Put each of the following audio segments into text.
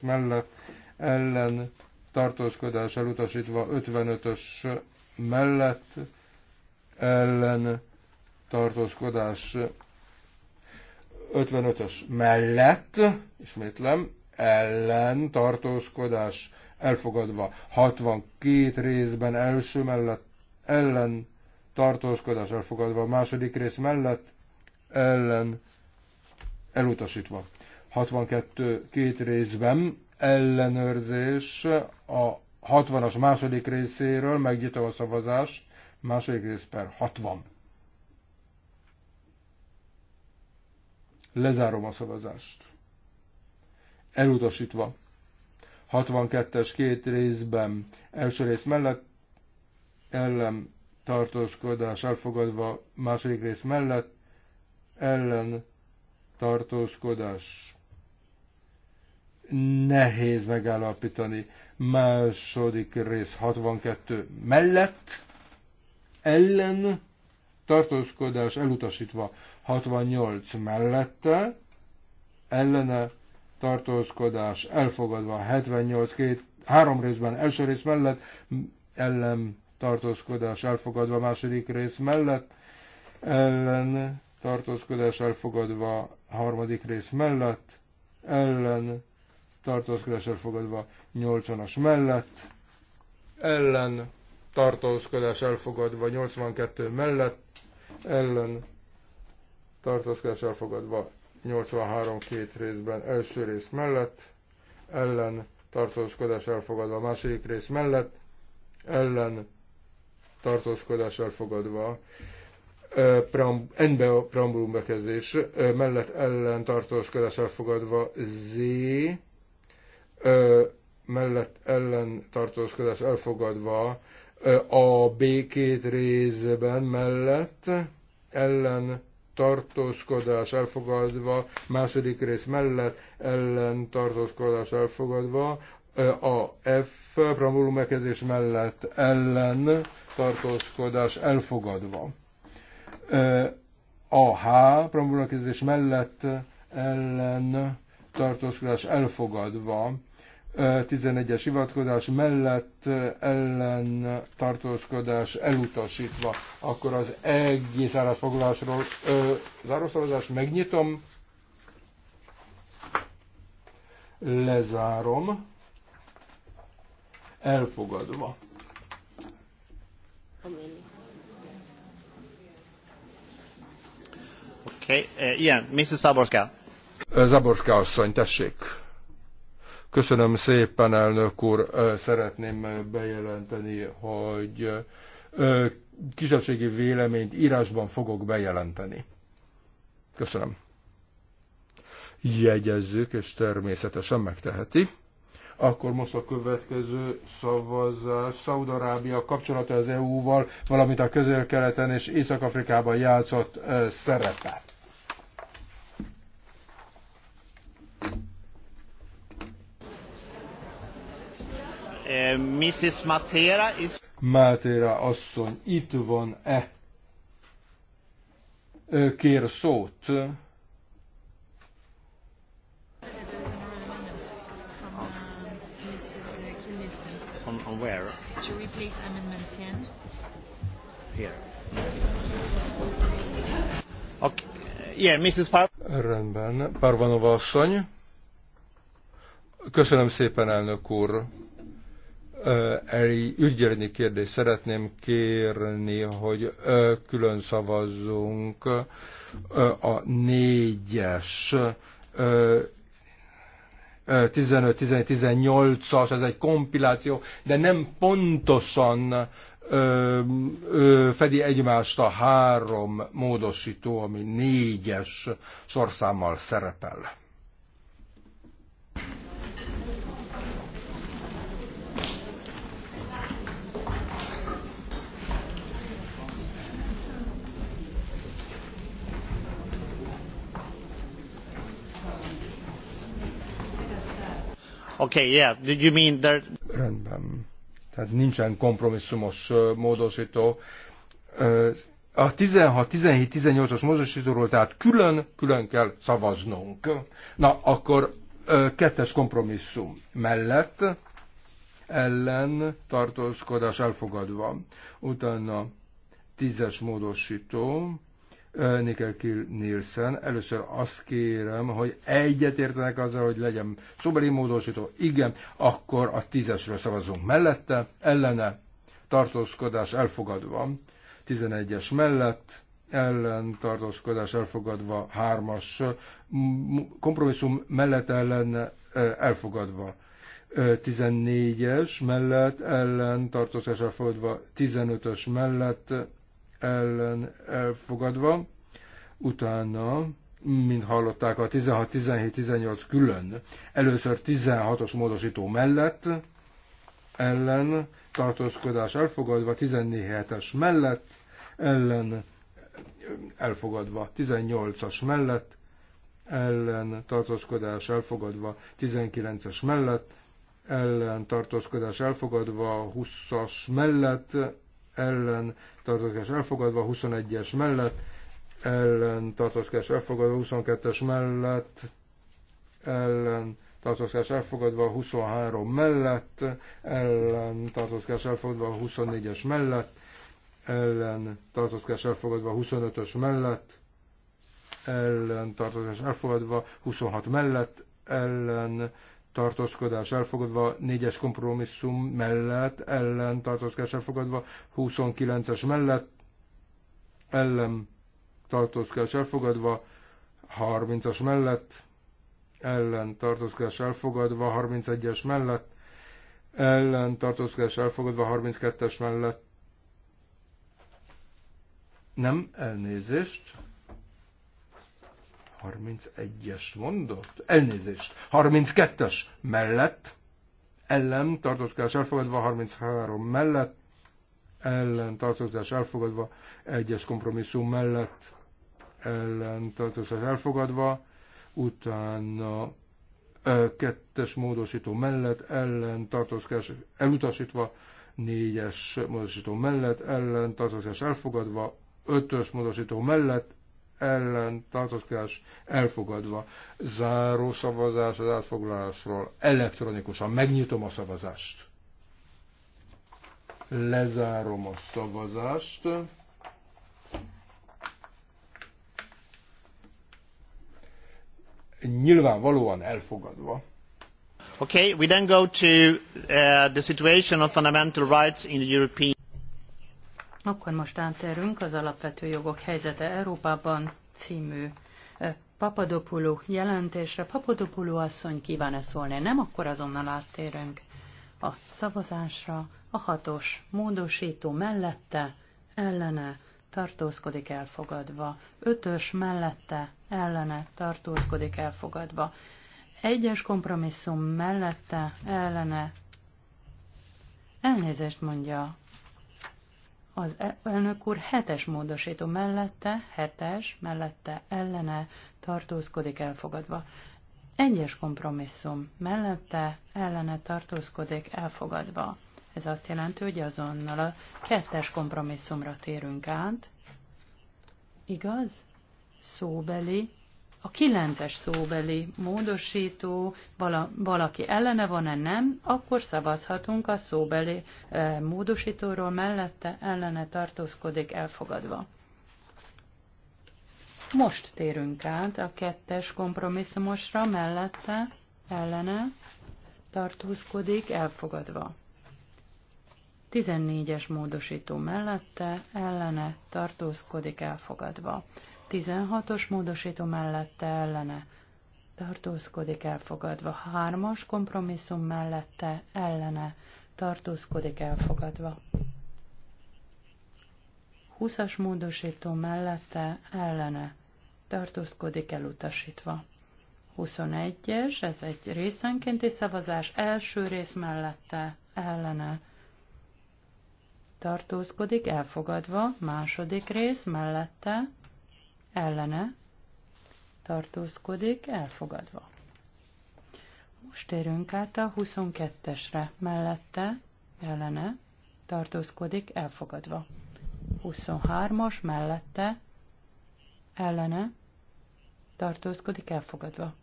mellett ellen tartózkodás elutasítva 55-ös mellett ellen tartózkodás 55-ös mellett, ismétlem, ellen tartózkodás elfogadva 62 részben első mellett ellen tartózkodás elfogadva második rész mellett ellen elutasítva. 62 két részben ellenőrzés a 60-as második részéről, megnyitom a szavazás, második rész per 60. Lezárom a szavazást. Elutasítva. 62-es két részben első rész mellett ellen tartózkodás elfogadva, második rész mellett ellen tartózkodás nehéz megállapítani. Második rész 62 mellett, ellen, tartózkodás elutasítva 68 mellette, ellene, tartózkodás elfogadva 78 két, három részben, első rész mellett, ellen, tartózkodás elfogadva második rész mellett, ellen, tartózkodás elfogadva harmadik rész mellett, ellen tartózkodás elfogadva 80-as mellett, ellen tartózkodás elfogadva 82 mellett, ellen tartózkodás elfogadva 83 két részben első rész mellett, ellen tartózkodás elfogadva második rész mellett, ellen tartózkodás elfogadva enbe a preambulum bekezdés mellett ellen tartózkodás elfogadva Z mellett ellen tartózkodás elfogadva, a B2 részben mellett ellen tartózkodás elfogadva, második rész mellett ellen tartózkodás elfogadva, a F preambulumekezés mellett ellen tartózkodás elfogadva. A H preambulumekezés mellett ellen tartózkodás elfogadva. 11-es hivatkozás mellett eh, ellen tartózkodás elutasítva. Akkor az egész állásfoglalásról zárószavazás megnyitom, lezárom, elfogadva. Oké, okay. uh, eh, ilyen, Mrs. Zaborska. Zaborska asszony, tessék. Köszönöm szépen, elnök úr. Szeretném bejelenteni, hogy kisebbségi véleményt írásban fogok bejelenteni. Köszönöm. Jegyezzük, és természetesen megteheti. Akkor most a következő szavazás. Szaudarábia kapcsolata az EU-val, valamint a közel-keleten és Észak-Afrikában játszott szerepet. Eh, Mrs. Matera is... Matera asszony, itt van-e? Kér szót. On, on where? amendment 10. Here. Okay. Yeah, Mrs. Par Rendben. Parvanova asszony. Köszönöm szépen, elnök úr egy ügyelni kérdést szeretném kérni, hogy külön szavazzunk a négyes 15, 18-as, ez egy kompiláció, de nem pontosan ö, ö, fedi egymást a három módosító, ami négyes sorszámmal szerepel. Okay, yeah. Did you mean there... Rendben. Tehát nincsen kompromisszumos módosító. A 16, 17, 18-as módosítóról tehát külön-külön kell szavaznunk. Na, akkor kettes kompromisszum mellett ellen tartózkodás elfogadva. Utána tízes módosító Nikel Kill Nielsen. Először azt kérem, hogy egyet értenek azzal, hogy legyen szobeli módosító. Igen, akkor a tízesről szavazunk mellette, ellene, tartózkodás elfogadva. 11-es mellett, ellen tartózkodás elfogadva, hármas kompromisszum mellett ellen elfogadva. 14-es mellett ellen tartózkodás elfogadva, 15-ös mellett ellen elfogadva, utána, mint hallották, a 16, 17, 18 külön, először 16-os módosító mellett, ellen tartózkodás elfogadva, 14 es mellett, ellen elfogadva, 18-as mellett, ellen tartózkodás elfogadva, 19-es mellett, ellen tartózkodás elfogadva, 20-as mellett, ellen tartózkodás elfogadva, 21-es mellett ellen tartózkodás elfogadva, 22-es mellett ellen tartózkodás elfogadva, 23 mellett ellen tartózkodás elfogadva, 24-es mellett ellen tartózkodás elfogadva, 25-ös mellett ellen tartózkodás elfogadva, 26 mellett ellen tartózkodás elfogadva, négyes kompromisszum mellett, ellen tartózkodás elfogadva, 29-es mellett, ellen tartózkodás elfogadva, 30-as mellett, ellen tartózkodás elfogadva, 31-es mellett, ellen tartózkodás elfogadva, 32-es mellett. Nem elnézést. 31-es mondott, elnézést, 32-es mellett, ellen tartózkodás elfogadva, 33 mellett, ellen tartózkodás elfogadva, 1-es kompromisszum mellett, ellen tartózkodás elfogadva, utána 2-es módosító mellett, ellen tartózkodás elutasítva, 4-es módosító mellett, ellen tartózkodás elfogadva, 5-ös módosító mellett, ellen tartózkodás elfogadva. Záró szavazás az átfoglalásról. Elektronikusan megnyitom a szavazást. Lezárom a szavazást. Nyilvánvalóan elfogadva. Okay, we then go to uh, the situation of fundamental rights in the European akkor most átérünk az Alapvető Jogok helyzete Európában című Papadopulu jelentésre. Papadopulu asszony kíván-e szólni? Nem, akkor azonnal áttérünk a szavazásra. A hatos módosító mellette, ellene tartózkodik elfogadva. Ötös mellette, ellene tartózkodik elfogadva. Egyes kompromisszum mellette, ellene Elnézést mondja az e- elnök úr hetes módosító mellette, hetes mellette ellene tartózkodik elfogadva. Egyes kompromisszum mellette ellene tartózkodik elfogadva. Ez azt jelenti, hogy azonnal a kettes kompromisszumra térünk át. Igaz? Szóbeli a kilences szóbeli módosító, vala, valaki ellene van-e nem, akkor szavazhatunk a szóbeli e, módosítóról mellette ellene tartózkodik elfogadva. Most térünk át a kettes kompromisszumosra mellette ellene tartózkodik elfogadva. 14-es módosító mellette ellene tartózkodik elfogadva. 16-os módosító mellette ellene tartózkodik elfogadva. 3-as kompromisszum mellette ellene tartózkodik elfogadva. 20-as módosító mellette ellene tartózkodik elutasítva. 21-es, ez egy részenkénti szavazás, első rész mellette ellene tartózkodik elfogadva, második rész mellette ellene tartózkodik, elfogadva. Most térünk át a 22-esre, mellette, ellene, tartózkodik, elfogadva. 23-as, mellette, ellene, tartózkodik, elfogadva.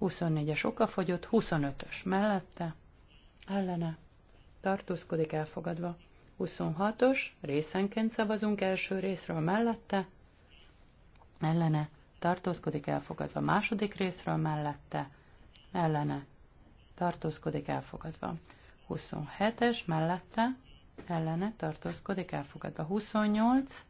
24-es okafogyott, 25-ös, mellette, ellene, tartózkodik, elfogadva. 26-os, részenként szavazunk első részről mellette, ellene tartózkodik elfogadva. Második részről mellette ellene tartózkodik elfogadva. 27-es mellette ellene tartózkodik elfogadva. 28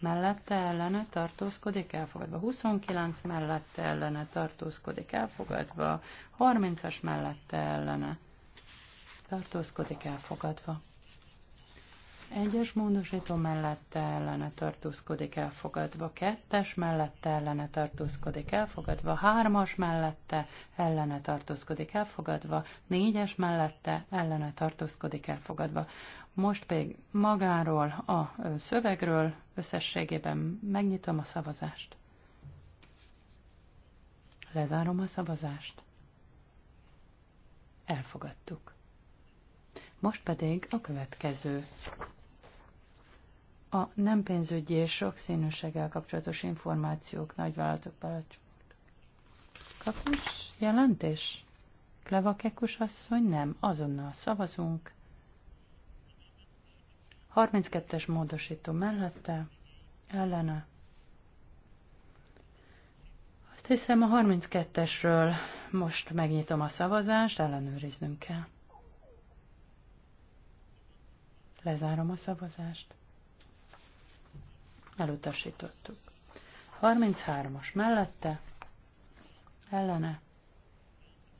mellette ellene tartózkodik elfogadva. 29 mellette ellene tartózkodik elfogadva. 30-as mellette ellene tartózkodik elfogadva. Egyes módosító mellette ellene tartózkodik elfogadva, kettes mellette ellene tartózkodik elfogadva, hármas mellette ellene tartózkodik elfogadva, négyes mellette ellene tartózkodik elfogadva. Most pedig magáról a szövegről összességében megnyitom a szavazást. Lezárom a szavazást. Elfogadtuk. Most pedig a következő a nem pénzügyi és sokszínűséggel kapcsolatos információk nagyvállalatok kapus jelentés? Kleva Kekus asszony nem, azonnal szavazunk. 32-es módosító mellette, ellene. Azt hiszem a 32-esről most megnyitom a szavazást, ellenőriznünk kell. Lezárom a szavazást elutasítottuk. 33-as mellette, ellene,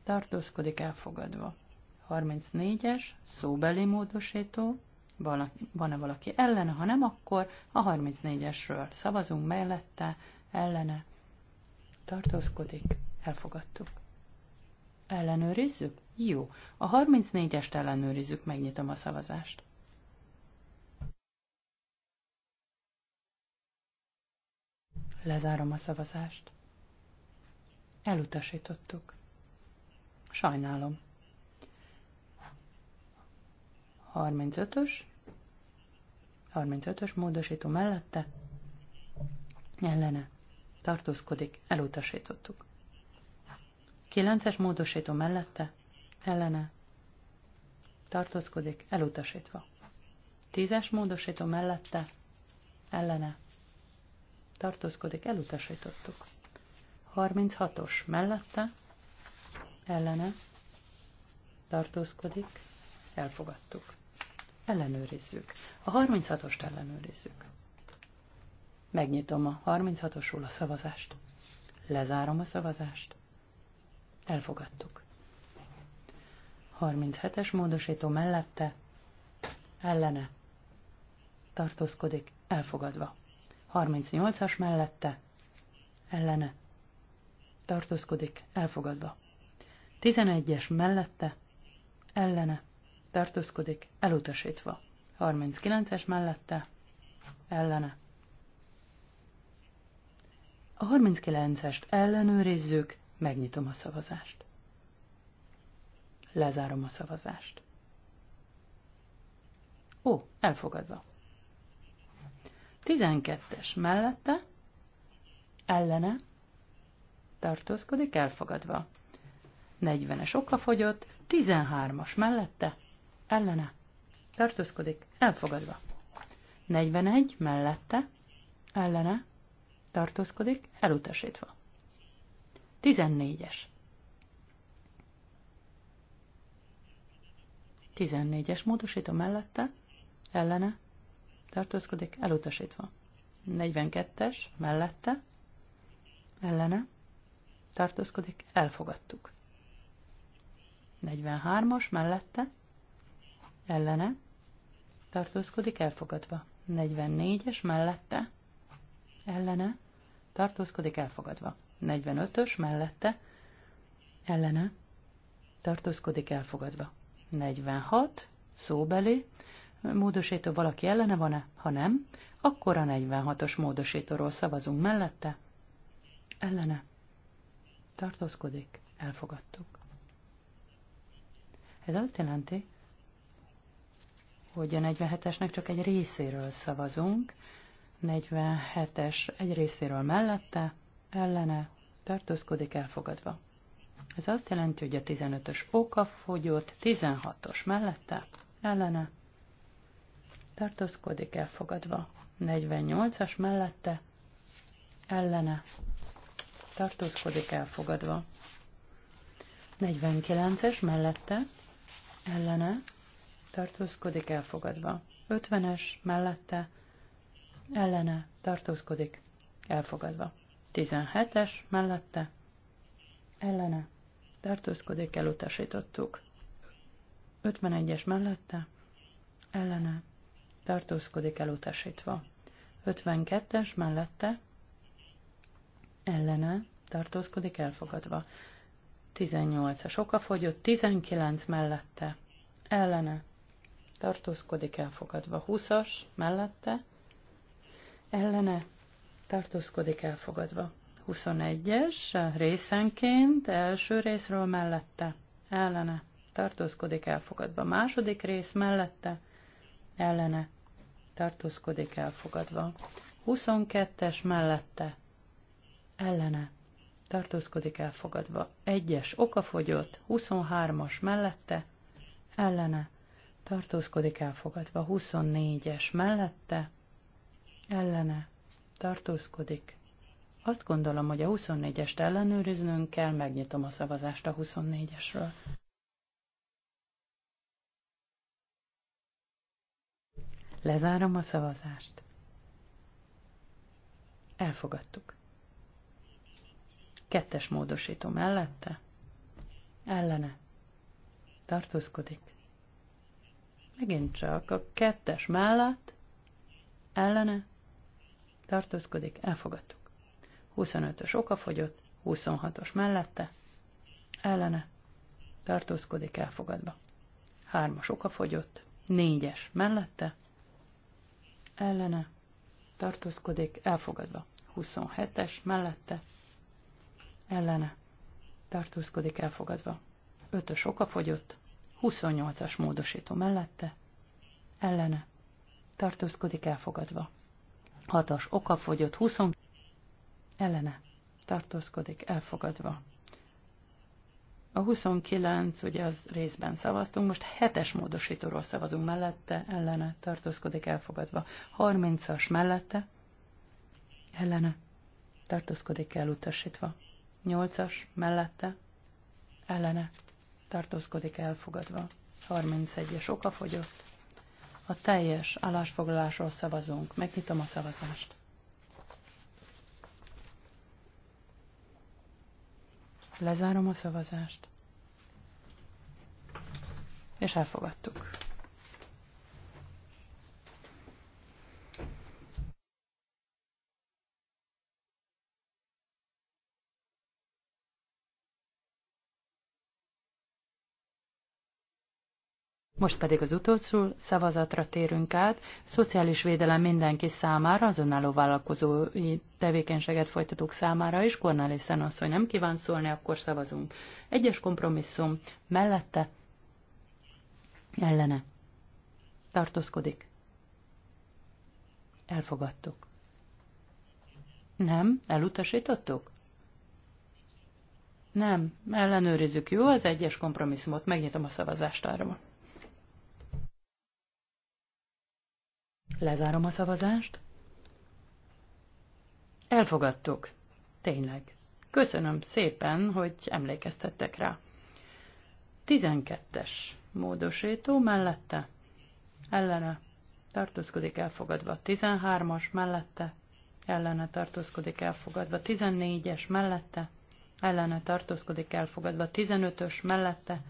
tartózkodik elfogadva. 34-es, szóbeli módosító, van-e valaki ellene, ha nem, akkor a 34-esről szavazunk mellette, ellene, tartózkodik, elfogadtuk. Ellenőrizzük? Jó. A 34-est ellenőrizzük, megnyitom a szavazást. Lezárom a szavazást. Elutasítottuk. Sajnálom. 35-ös. 35-ös módosító mellette. Ellene. Tartózkodik. Elutasítottuk. 9-es módosító mellette. Ellene. Tartózkodik. Elutasítva. 10-es módosító mellette. Ellene tartózkodik, elutasítottuk. 36-os mellette, ellene, tartózkodik, elfogadtuk. Ellenőrizzük. A 36-ost ellenőrizzük. Megnyitom a 36-osról a szavazást. Lezárom a szavazást. Elfogadtuk. 37-es módosító mellette, ellene, tartózkodik, elfogadva. 38-as mellette, ellene, tartózkodik, elfogadva. 11-es mellette, ellene, tartózkodik, elutasítva. 39-es mellette, ellene. A 39-est ellenőrizzük, megnyitom a szavazást. Lezárom a szavazást. Ó, elfogadva. 12-es mellette, ellene, tartózkodik elfogadva. 40-es okafogyott, 13-as mellette, ellene, tartózkodik elfogadva. 41 mellette, ellene, tartózkodik elutasítva. 14-es. 14-es módosító mellette, ellene, tartózkodik, elutasítva. 42-es, mellette, ellene, tartózkodik, elfogadtuk. 43-as, mellette, ellene, tartózkodik, elfogadva. 44-es, mellette, ellene, tartózkodik, elfogadva. 45-ös, mellette, ellene, tartózkodik, elfogadva. 46, szóbeli, módosító valaki ellene van-e? Ha nem, akkor a 46-os módosítóról szavazunk mellette. Ellene. Tartózkodik. Elfogadtuk. Ez azt jelenti, hogy a 47-esnek csak egy részéről szavazunk, 47-es egy részéről mellette, ellene, tartózkodik elfogadva. Ez azt jelenti, hogy a 15-ös okafogyott, 16-os mellette, ellene, tartózkodik elfogadva. 48-as mellette ellene tartózkodik elfogadva. 49-es mellette ellene tartózkodik elfogadva. 50-es mellette ellene tartózkodik elfogadva. 17-es mellette ellene tartózkodik elutasítottuk. 51-es mellette ellene tartózkodik elutasítva. 52-es mellette ellene tartózkodik elfogadva. 18-as okafogyott, 19 mellette ellene tartózkodik elfogadva. 20-as mellette ellene tartózkodik elfogadva. 21-es részenként első részről mellette ellene tartózkodik elfogadva. Második rész mellette ellene tartózkodik elfogadva. 22-es mellette ellene tartózkodik elfogadva. 1-es okafogyott, 23-as mellette ellene tartózkodik elfogadva. 24-es mellette ellene tartózkodik. Azt gondolom, hogy a 24-est ellenőriznünk kell, megnyitom a szavazást a 24-esről. Lezárom a szavazást. Elfogadtuk. Kettes módosító mellette. Ellene. Tartózkodik. Megint csak a kettes mellett. Ellene. Tartózkodik. Elfogadtuk. 25-ös okafogyott, 26-os mellette. Ellene. Tartózkodik elfogadva. 3-as okafogyott, 4-es mellette ellene tartózkodik, elfogadva. 27-es mellette ellene tartózkodik, elfogadva. 5-ös okafogyott, 28-as módosító mellette ellene tartózkodik, elfogadva. 6-as okafogyott, 20 ellene tartózkodik, elfogadva. A 29, ugye az részben szavaztunk, most 7-es módosítóról szavazunk mellette, ellene, tartózkodik elfogadva. 30-as mellette, ellene, tartózkodik elutasítva. 8-as mellette, ellene, tartózkodik elfogadva. 31-es okafogyott. A teljes állásfoglalásról szavazunk. Megnyitom a szavazást. Lezárom a szavazást. És elfogadtuk. Most pedig az utolsó szavazatra térünk át. Szociális védelem mindenki számára, az önálló vállalkozói tevékenységet folytatók számára is. Cornelissen asszony nem kíván szólni, akkor szavazunk. Egyes kompromisszum mellette, ellene. Tartózkodik. Elfogadtuk. Nem, elutasítottuk? Nem, ellenőrizzük. Jó, az egyes kompromisszumot, megnyitom a szavazást arról. Lezárom a szavazást. Elfogadtuk. Tényleg. Köszönöm szépen, hogy emlékeztettek rá. Tizenkettes módosító mellette. Ellene. Tartózkodik elfogadva. Tizenhármas mellette. Ellene tartózkodik elfogadva. Tizennégyes mellette. Ellene tartózkodik elfogadva. Tizenötös mellette.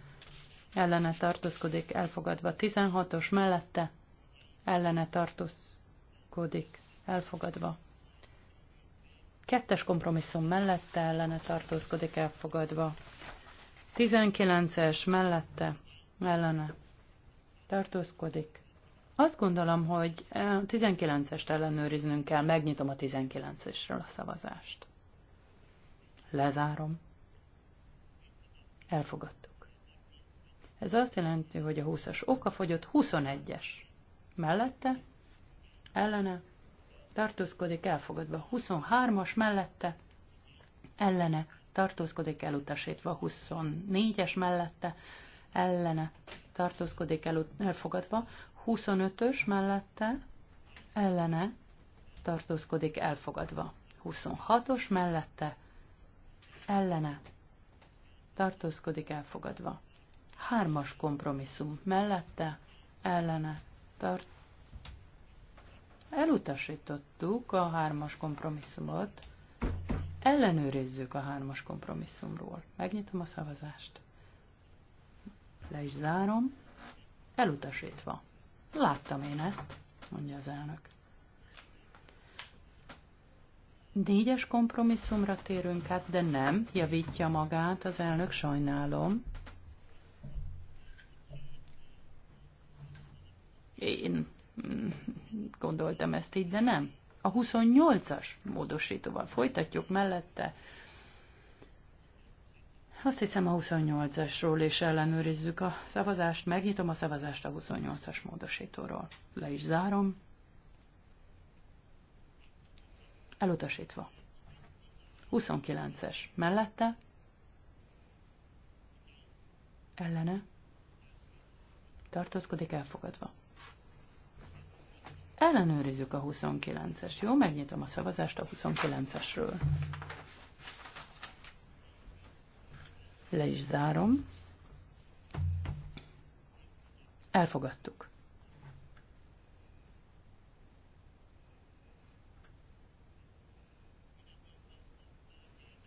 Ellene tartózkodik elfogadva. 16-os mellette ellene tartózkodik, elfogadva. Kettes kompromisszum mellette ellene tartózkodik, elfogadva. 19-es mellette ellene tartózkodik. Azt gondolom, hogy 19-est e, ellenőriznünk kell, megnyitom a 19-esről a szavazást. Lezárom. Elfogadtuk. Ez azt jelenti, hogy a 20-as okafogyott 21-es mellette, ellene, tartózkodik elfogadva. 23-as mellette, ellene, tartózkodik elutasítva. 24-es mellette, ellene, tartózkodik el, elfogadva. 25-ös mellette, ellene, tartózkodik elfogadva. 26-os mellette, ellene, tartózkodik elfogadva. Hármas kompromisszum mellette, ellene tart. Elutasítottuk a hármas kompromisszumot. Ellenőrizzük a hármas kompromisszumról. Megnyitom a szavazást. Le is zárom. Elutasítva. Láttam én ezt, mondja az elnök. Négyes kompromisszumra térünk át, de nem, javítja magát az elnök, sajnálom. Én gondoltam ezt így, de nem. A 28-as módosítóval folytatjuk mellette. Azt hiszem a 28-asról is ellenőrizzük a szavazást. Megnyitom a szavazást a 28-as módosítóról. Le is zárom. Elutasítva. 29-es. Mellette. Ellene. Tartózkodik elfogadva. Ellenőrizzük a 29-es. Jó, megnyitom a szavazást a 29-esről. Le is zárom. Elfogadtuk.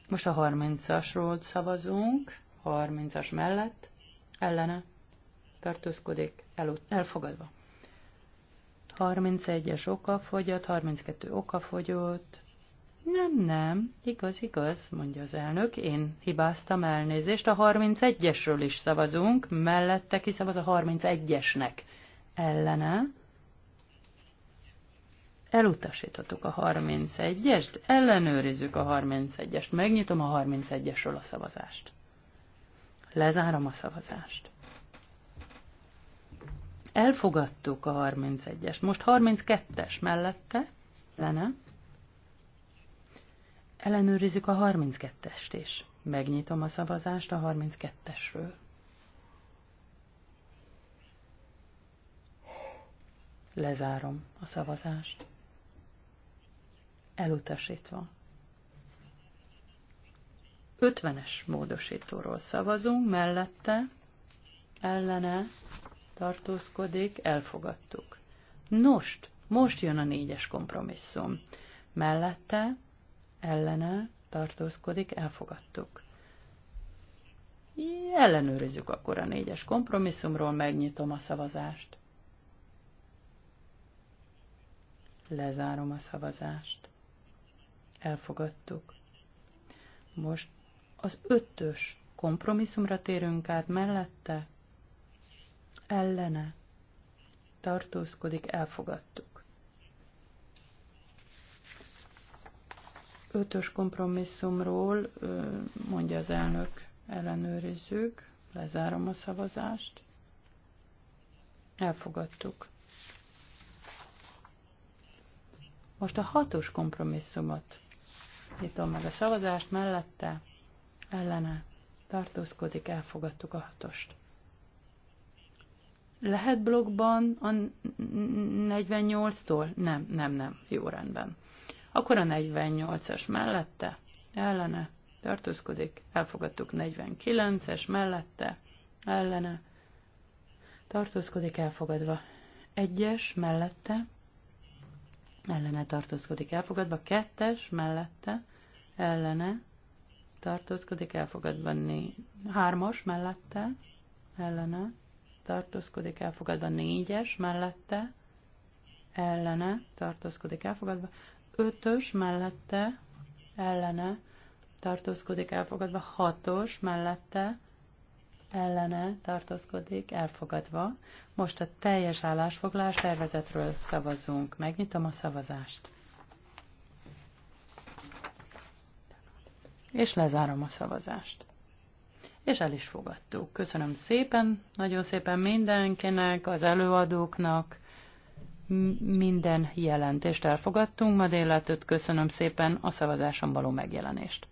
Most a 30-asról szavazunk, 30-as mellett, ellene tartózkodik, elfogadva. 31-es okafogyott, 32 okafogyott. Nem, nem, igaz, igaz, mondja az elnök, én hibáztam elnézést, a 31-esről is szavazunk, mellette kiszavaz a 31-esnek. Ellene elutasítottuk a 31-est, ellenőrizzük a 31-est, megnyitom a 31-esről a szavazást. Lezárom a szavazást. Elfogadtuk a 31-es. Most 32-es mellette lenne. Ellenőrizzük a 32-est is. Megnyitom a szavazást a 32-esről. Lezárom a szavazást. Elutasítva. 50-es módosítóról szavazunk, mellette, ellene, tartózkodik, elfogadtuk. Most, most jön a négyes kompromisszum. Mellette, ellene, tartózkodik, elfogadtuk. Ellenőrizzük akkor a négyes kompromisszumról, megnyitom a szavazást. Lezárom a szavazást. Elfogadtuk. Most az ötös kompromisszumra térünk át mellette, ellene tartózkodik, elfogadtuk. Ötös kompromisszumról mondja az elnök, ellenőrizzük, lezárom a szavazást. Elfogadtuk. Most a hatos kompromisszumot nyitom meg a szavazást, mellette ellene tartózkodik, elfogadtuk a hatost. Lehet blogban a 48-tól? Nem, nem, nem. Jó rendben. Akkor a 48-as mellette, ellene, tartózkodik. Elfogadtuk 49-es mellette, ellene, tartózkodik elfogadva. Egyes mellette, ellene tartózkodik elfogadva. Kettes mellette, ellene, tartózkodik elfogadva. Hármas mellette, ellene, tartózkodik elfogadva, négyes mellette ellene tartózkodik elfogadva, ötös mellette ellene tartózkodik elfogadva, hatos mellette ellene tartózkodik elfogadva. Most a teljes állásfoglalás tervezetről szavazunk. Megnyitom a szavazást. És lezárom a szavazást és el is fogadtuk. Köszönöm szépen, nagyon szépen mindenkinek, az előadóknak, minden jelentést elfogadtunk ma délelőtt. Köszönöm szépen a szavazáson való megjelenést.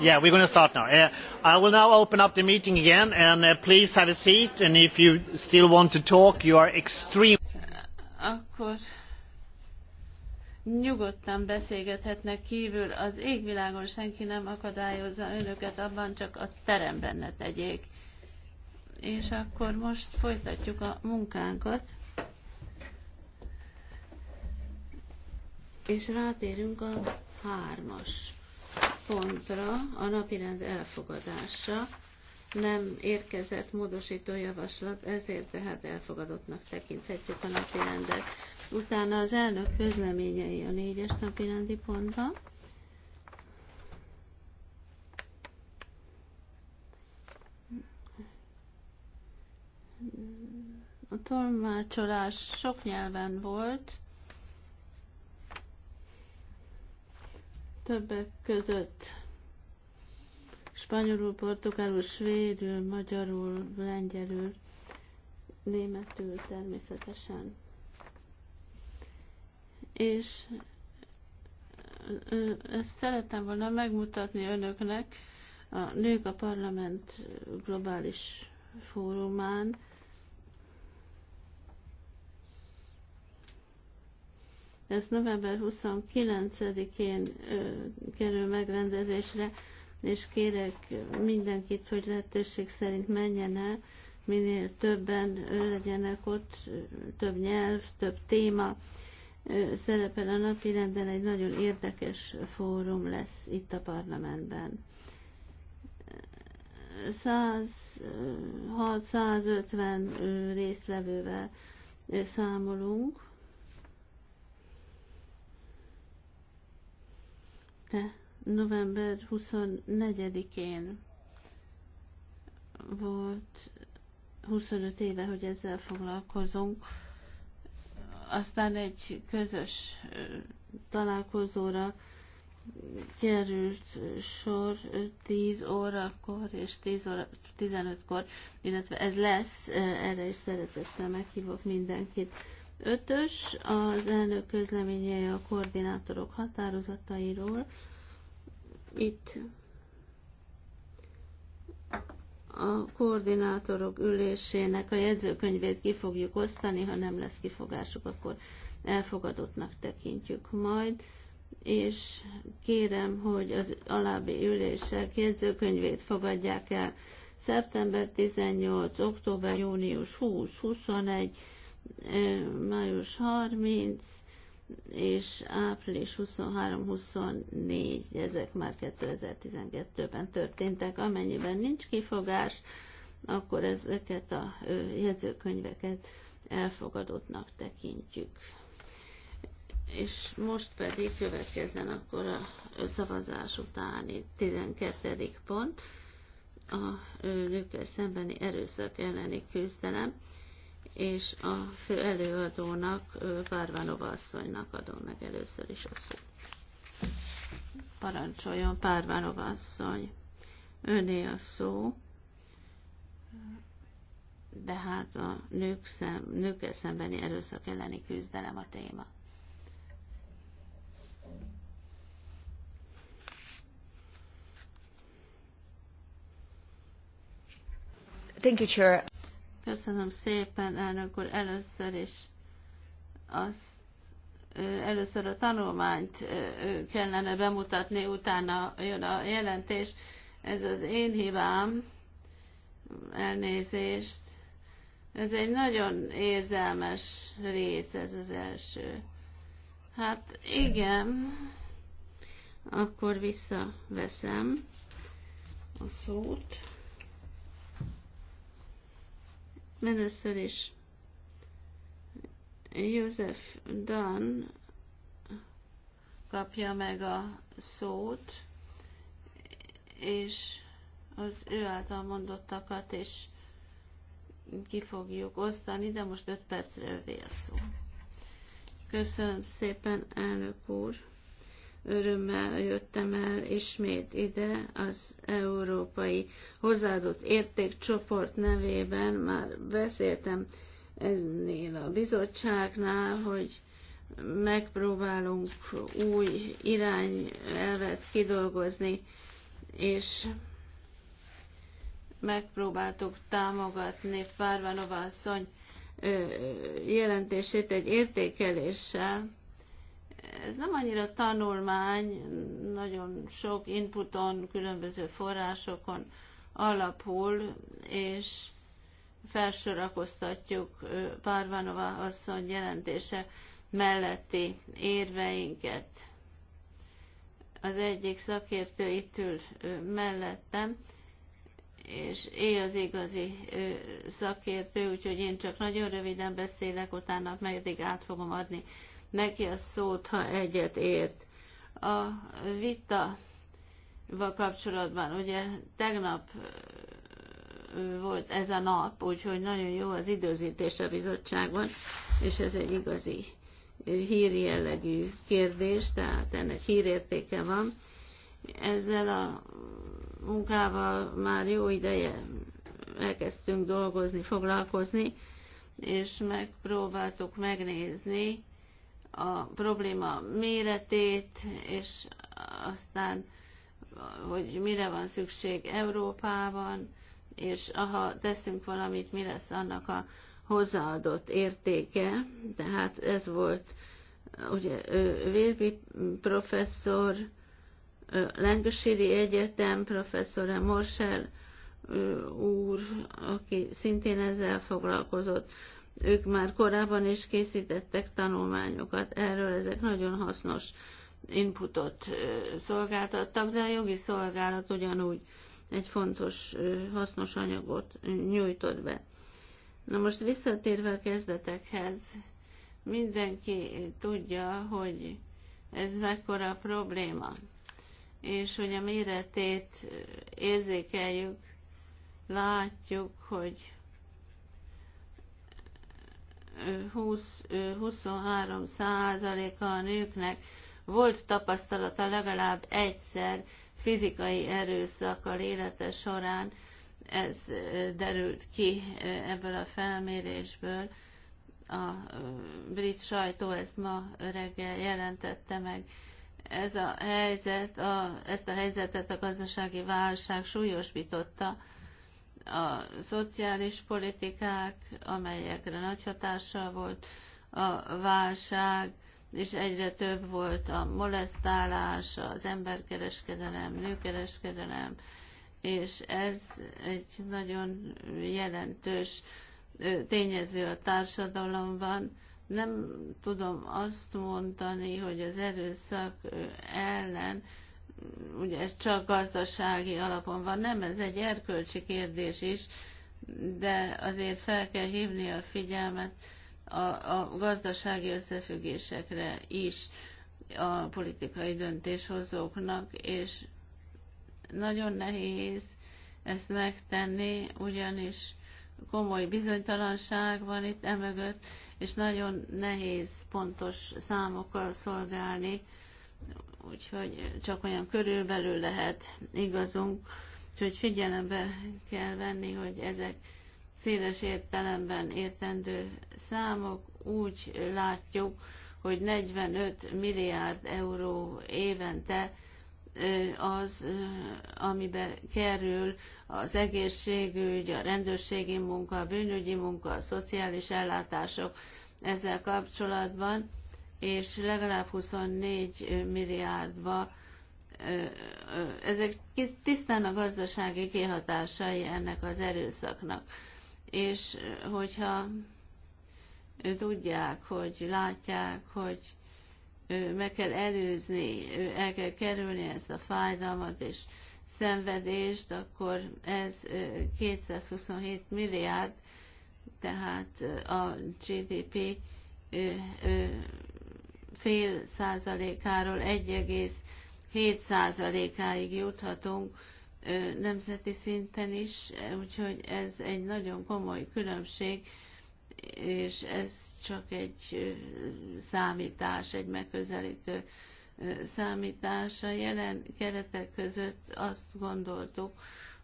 Yeah, we're going to start now. Uh, I will now open up the meeting again, and uh, please have a seat. And if you still want to talk, you are extreme. Akkor nyugodtan beszélgethetnek kívül. Az égvilágon senki nem akadályozza önöket abban, csak a teremben ne tegyék. És akkor most folytatjuk a munkánkat. És rátérünk a hármas pontra a napirend elfogadása nem érkezett módosító javaslat, ezért tehát elfogadottnak tekinthetjük a napirendet. Utána az elnök közleményei a négyes napirendi pontba. A tolmácsolás sok nyelven volt. Többek között spanyolul, portugálul, svédül, magyarul, lengyelül, németül természetesen. És ezt szerettem volna megmutatni önöknek a Nők a Parlament globális fórumán, Ez november 29-én kerül megrendezésre, és kérek mindenkit, hogy lehetőség szerint menjen el, minél többen legyenek ott, több nyelv, több téma szerepel a renden, egy nagyon érdekes fórum lesz itt a parlamentben. 106-150 résztvevővel számolunk, november 24-én volt 25 éve, hogy ezzel foglalkozunk. Aztán egy közös találkozóra került sor 10 órakor és 10 óra, 15-kor, illetve ez lesz, erre is szeretettel meghívok mindenkit. Ötös az elnök közleménye a koordinátorok határozatairól. Itt a koordinátorok ülésének a jegyzőkönyvét ki fogjuk osztani, ha nem lesz kifogásuk, akkor elfogadottnak tekintjük majd, és kérem, hogy az alábbi ülések jegyzőkönyvét fogadják el szeptember 18, október, június 20, 21, május 30 és április 23-24, ezek már 2012-ben történtek. Amennyiben nincs kifogás, akkor ezeket a jegyzőkönyveket elfogadottnak tekintjük. És most pedig következzen akkor a szavazás utáni 12. pont, a nőkkel szembeni erőszak elleni küzdelem és a fő előadónak, Párvánova asszonynak adom meg először is a szót. Parancsoljon, Párvánova asszony, öné a szó, de hát a nők szem, nőkkel szembeni erőszak elleni küzdelem a téma. Thank you, Chair. Köszönöm szépen, elnök úr, először is azt először a tanulmányt kellene bemutatni, utána jön a jelentés. Ez az én hibám, elnézést. Ez egy nagyon érzelmes rész, ez az első. Hát igen, akkor visszaveszem a szót. Először is József Dan kapja meg a szót, és az ő által mondottakat is ki fogjuk osztani, de most öt percre övé a szó. Köszönöm szépen, elnök úr! örömmel jöttem el ismét ide az Európai Hozzáadott Értékcsoport nevében. Már beszéltem eznél a bizottságnál, hogy megpróbálunk új irányelvet kidolgozni, és megpróbáltuk támogatni Párvanova asszony jelentését egy értékeléssel, ez nem annyira tanulmány, nagyon sok inputon, különböző forrásokon alapul, és felsorakoztatjuk Párvanova asszony jelentése melletti érveinket. Az egyik szakértő itt ül mellettem, és é az igazi szakértő, úgyhogy én csak nagyon röviden beszélek, utána pedig át fogom adni neki a szót, ha egyet ért. A vita kapcsolatban, ugye tegnap volt ez a nap, úgyhogy nagyon jó az időzítés a bizottságban, és ez egy igazi hírjellegű kérdés, tehát ennek hírértéke van. Ezzel a munkával már jó ideje elkezdtünk dolgozni, foglalkozni, és megpróbáltuk megnézni, a probléma méretét, és aztán, hogy mire van szükség Európában, és ha teszünk valamit, mi lesz annak a hozzáadott értéke. Tehát ez volt ugye Vérbi professzor, Lengösíri Egyetem professzora Morsel úr, aki szintén ezzel foglalkozott, ők már korábban is készítettek tanulmányokat erről, ezek nagyon hasznos inputot szolgáltattak, de a jogi szolgálat ugyanúgy egy fontos, hasznos anyagot nyújtott be. Na most visszatérve a kezdetekhez, mindenki tudja, hogy ez mekkora probléma, és hogy a méretét érzékeljük, látjuk, hogy 20-23 százaléka a nőknek volt tapasztalata legalább egyszer fizikai erőszakkal élete során, ez derült ki ebből a felmérésből. A brit sajtó ezt ma reggel jelentette meg. Ez a helyzet, a, ezt a helyzetet a gazdasági válság súlyosbította, a szociális politikák, amelyekre nagy hatással volt a válság, és egyre több volt a molesztálás, az emberkereskedelem, nőkereskedelem, és ez egy nagyon jelentős tényező a társadalomban. Nem tudom azt mondani, hogy az erőszak ellen ugye ez csak gazdasági alapon van, nem, ez egy erkölcsi kérdés is, de azért fel kell hívni a figyelmet a, a gazdasági összefüggésekre is a politikai döntéshozóknak, és nagyon nehéz ezt megtenni, ugyanis komoly bizonytalanság van itt emögött, és nagyon nehéz pontos számokkal szolgálni, úgyhogy csak olyan körülbelül lehet igazunk, úgyhogy figyelembe kell venni, hogy ezek széles értelemben értendő számok, úgy látjuk, hogy 45 milliárd euró évente az, amibe kerül az egészségügy, a rendőrségi munka, a bűnügyi munka, a szociális ellátások ezzel kapcsolatban és legalább 24 milliárdba ezek tisztán a gazdasági kihatásai ennek az erőszaknak. És hogyha tudják, hogy látják, hogy meg kell előzni, el kell kerülni ezt a fájdalmat és szenvedést, akkor ez 227 milliárd, tehát a GDP fél százalékáról 1,7 százalékáig juthatunk nemzeti szinten is, úgyhogy ez egy nagyon komoly különbség, és ez csak egy számítás, egy megközelítő számítás. A jelen keretek között azt gondoltuk,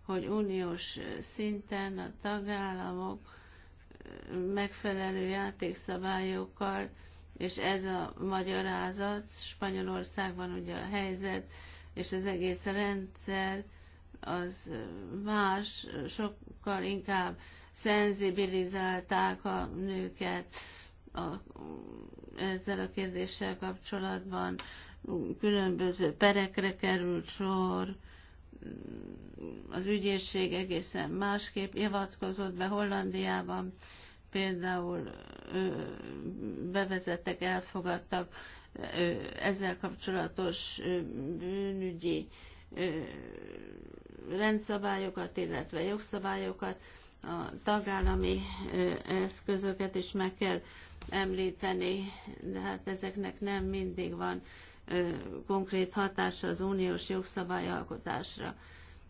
hogy uniós szinten a tagállamok megfelelő játékszabályokkal és ez a magyarázat, Spanyolországban ugye a helyzet, és az egész rendszer az más, sokkal inkább szenzibilizálták a nőket a, ezzel a kérdéssel kapcsolatban. Különböző perekre került sor, az ügyészség egészen másképp javatkozott be Hollandiában, például bevezettek, elfogadtak ezzel kapcsolatos bűnügyi rendszabályokat, illetve jogszabályokat, a tagállami eszközöket is meg kell említeni, de hát ezeknek nem mindig van konkrét hatása az uniós jogszabályalkotásra.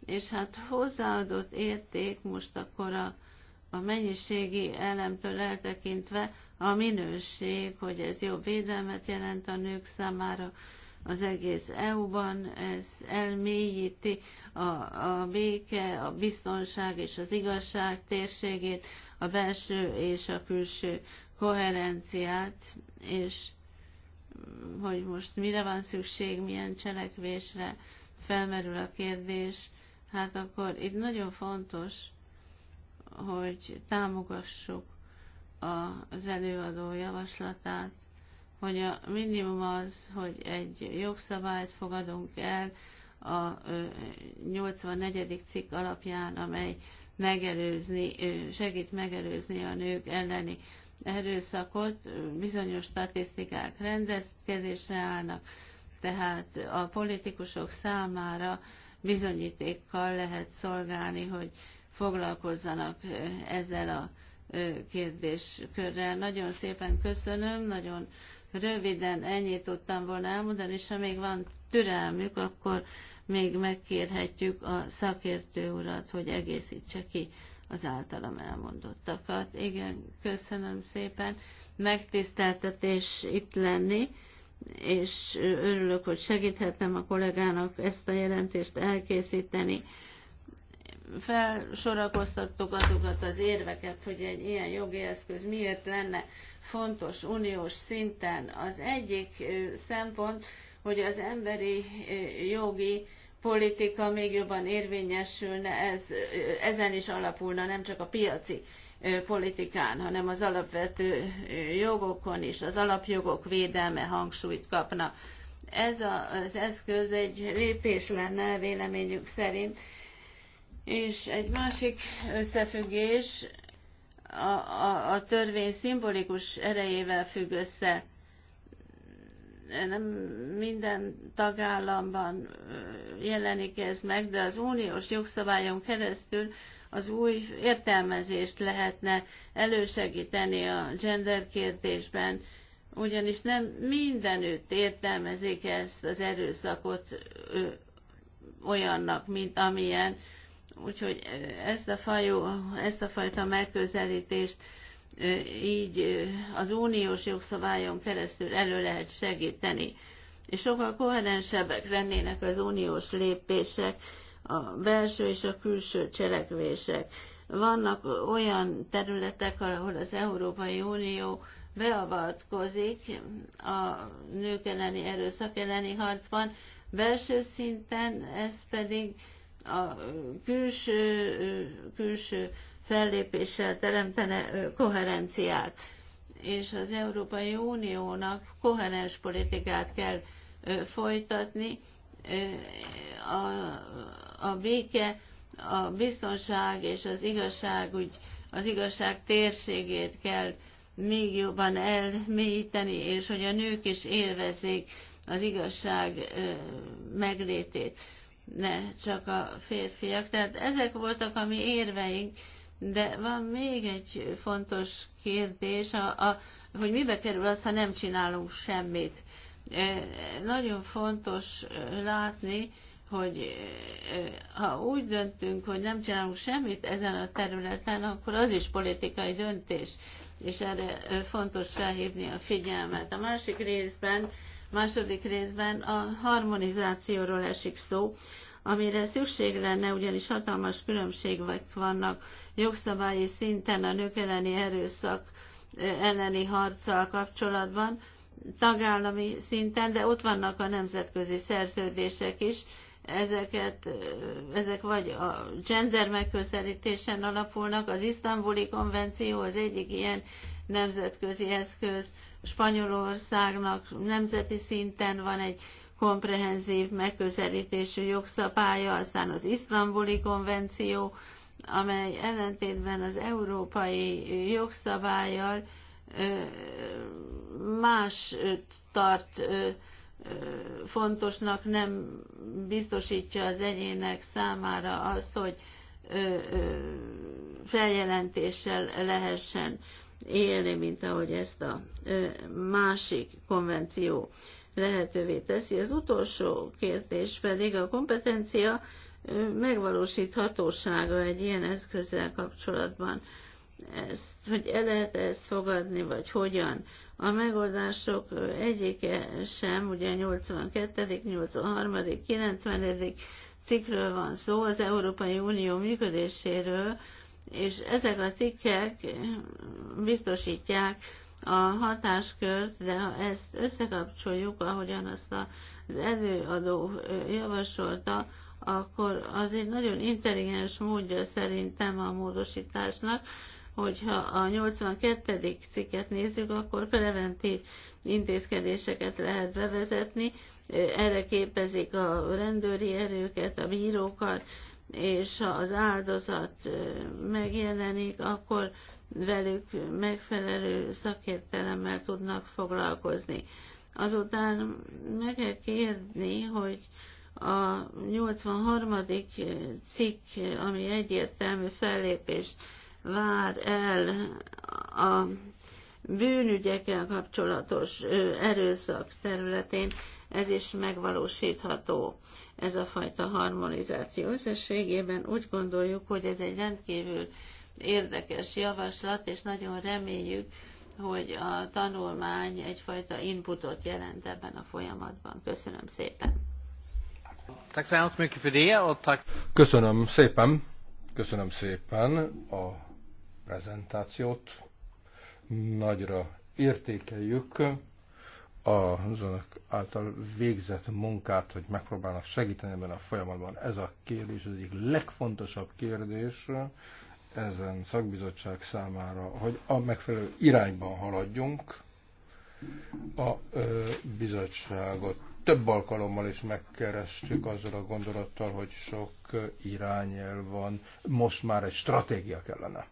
És hát hozzáadott érték most akkor a a mennyiségi elemtől eltekintve a minőség, hogy ez jobb védelmet jelent a nők számára az egész EU-ban, ez elmélyíti a, a béke, a biztonság és az igazság térségét, a belső és a külső koherenciát, és hogy most mire van szükség, milyen cselekvésre felmerül a kérdés, hát akkor itt nagyon fontos, hogy támogassuk az előadó javaslatát, hogy a minimum az, hogy egy jogszabályt fogadunk el a 84. cikk alapján, amely megelőzni, segít megelőzni a nők elleni erőszakot, bizonyos statisztikák rendelkezésre állnak, tehát a politikusok számára bizonyítékkal lehet szolgálni, hogy foglalkozzanak ezzel a kérdéskörrel. Nagyon szépen köszönöm, nagyon röviden ennyit tudtam volna elmondani, és ha még van türelmük, akkor még megkérhetjük a szakértő urat, hogy egészítse ki az általam elmondottakat. Igen, köszönöm szépen. Megtiszteltetés itt lenni, és örülök, hogy segíthettem a kollégának ezt a jelentést elkészíteni felsorakoztattuk azokat az érveket, hogy egy ilyen jogi eszköz miért lenne fontos uniós szinten. Az egyik szempont, hogy az emberi jogi politika még jobban érvényesülne, ez, ezen is alapulna, nem csak a piaci politikán, hanem az alapvető jogokon is, az alapjogok védelme hangsúlyt kapna. Ez az eszköz egy lépés lenne véleményük szerint és egy másik összefüggés a, a, a törvény szimbolikus erejével függ össze. Nem minden tagállamban jelenik ez meg, de az uniós jogszabályon keresztül az új értelmezést lehetne elősegíteni a gender kérdésben, ugyanis nem mindenütt értelmezik ezt az erőszakot ö, olyannak, mint amilyen, Úgyhogy ezt a, fajó, ezt a fajta megközelítést így az uniós jogszabályon keresztül elő lehet segíteni. És sokkal koherensebbek lennének az uniós lépések, a belső és a külső cselekvések. Vannak olyan területek, ahol az Európai Unió beavatkozik a nők elleni erőszak elleni harcban, belső szinten ez pedig a külső, külső fellépéssel teremtene koherenciát, és az Európai Uniónak koherens politikát kell folytatni, a, a béke, a biztonság és az igazság, úgy, az igazság térségét kell még jobban elmélyíteni, és hogy a nők is élvezzék az igazság meglétét ne csak a férfiak. Tehát ezek voltak a mi érveink, de van még egy fontos kérdés, a, a, hogy mibe kerül az, ha nem csinálunk semmit. Nagyon fontos látni, hogy ha úgy döntünk, hogy nem csinálunk semmit ezen a területen, akkor az is politikai döntés, és erre fontos felhívni a figyelmet. A másik részben második részben a harmonizációról esik szó, amire szükség lenne, ugyanis hatalmas különbségek vannak jogszabályi szinten a nők elleni erőszak elleni harccal kapcsolatban, tagállami szinten, de ott vannak a nemzetközi szerződések is, ezeket, ezek vagy a gender megközelítésen alapulnak, az isztambuli konvenció az egyik ilyen nemzetközi eszköz. Spanyolországnak nemzeti szinten van egy komprehenzív megközelítésű jogszabálya, aztán az isztambuli konvenció, amely ellentétben az európai jogszabályjal más tart fontosnak, nem biztosítja az egyének számára azt, hogy feljelentéssel lehessen élni, mint ahogy ezt a másik konvenció lehetővé teszi. Az utolsó kérdés pedig a kompetencia megvalósíthatósága egy ilyen eszközzel kapcsolatban. Ezt, hogy el lehet -e ezt fogadni, vagy hogyan. A megoldások egyike sem, ugye 82., 83., 90. cikkről van szó, az Európai Unió működéséről, és ezek a cikkek biztosítják a hatáskört, de ha ezt összekapcsoljuk, ahogyan azt az előadó javasolta, akkor az egy nagyon intelligens módja szerintem a módosításnak, hogyha a 82. cikket nézzük, akkor preventív intézkedéseket lehet bevezetni, erre képezik a rendőri erőket, a bírókat, és ha az áldozat megjelenik, akkor velük megfelelő szakértelemmel tudnak foglalkozni. Azután meg kell kérni, hogy a 83. cikk, ami egyértelmű fellépést vár el a bűnügyekkel kapcsolatos erőszak területén, ez is megvalósítható ez a fajta harmonizáció. Összességében úgy gondoljuk, hogy ez egy rendkívül érdekes javaslat, és nagyon reméljük, hogy a tanulmány egyfajta inputot jelent ebben a folyamatban. Köszönöm szépen! Köszönöm szépen! Köszönöm szépen a prezentációt. Nagyra értékeljük a zónak által végzett munkát, hogy megpróbálnak segíteni ebben a folyamatban. Ez a kérdés az egyik legfontosabb kérdés ezen szakbizottság számára, hogy a megfelelő irányban haladjunk. A ö, bizottságot több alkalommal is megkerestük azzal a gondolattal, hogy sok irányel van, most már egy stratégia kellene.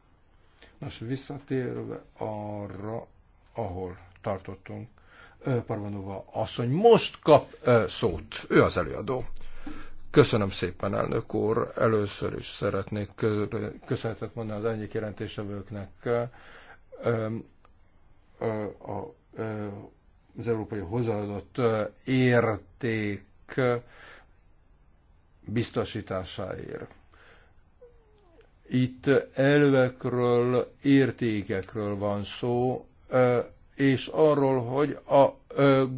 Nos, visszatérve arra, ahol tartottunk Parvanova asszony most kap szót. Ő az előadó. Köszönöm szépen, elnök úr. Először is szeretnék köszönetet mondani az egyik jelentésevőknek az európai hozzáadott érték biztosításáért. Itt elvekről, értékekről van szó, és arról, hogy a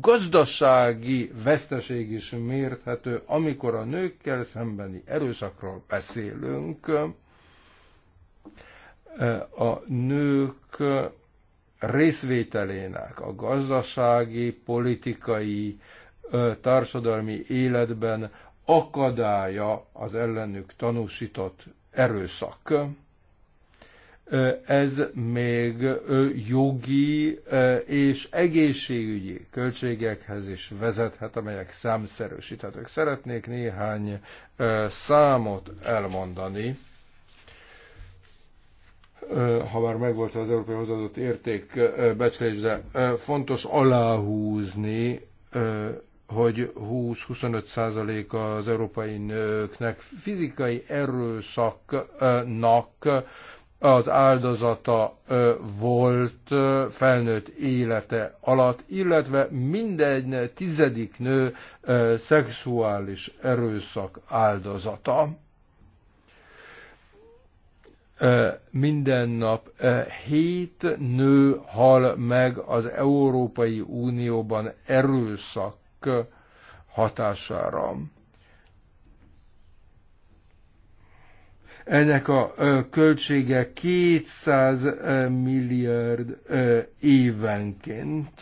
gazdasági veszteség is mérthető, amikor a nőkkel szembeni erőszakról beszélünk. A nők részvételének a gazdasági, politikai, társadalmi életben akadálya az ellenük tanúsított erőszak ez még jogi és egészségügyi költségekhez is vezethet, amelyek számszerűsíthetők. Szeretnék néhány számot elmondani. Ha már megvolt az európai hozzáadott érték becslés, de fontos aláhúzni, hogy 20-25 százaléka az európai nőknek fizikai erőszaknak az áldozata volt felnőtt élete alatt, illetve minden tizedik nő szexuális erőszak áldozata. Minden nap hét nő hal meg az Európai Unióban erőszak hatására. Ennek a költsége 200 milliárd évenként.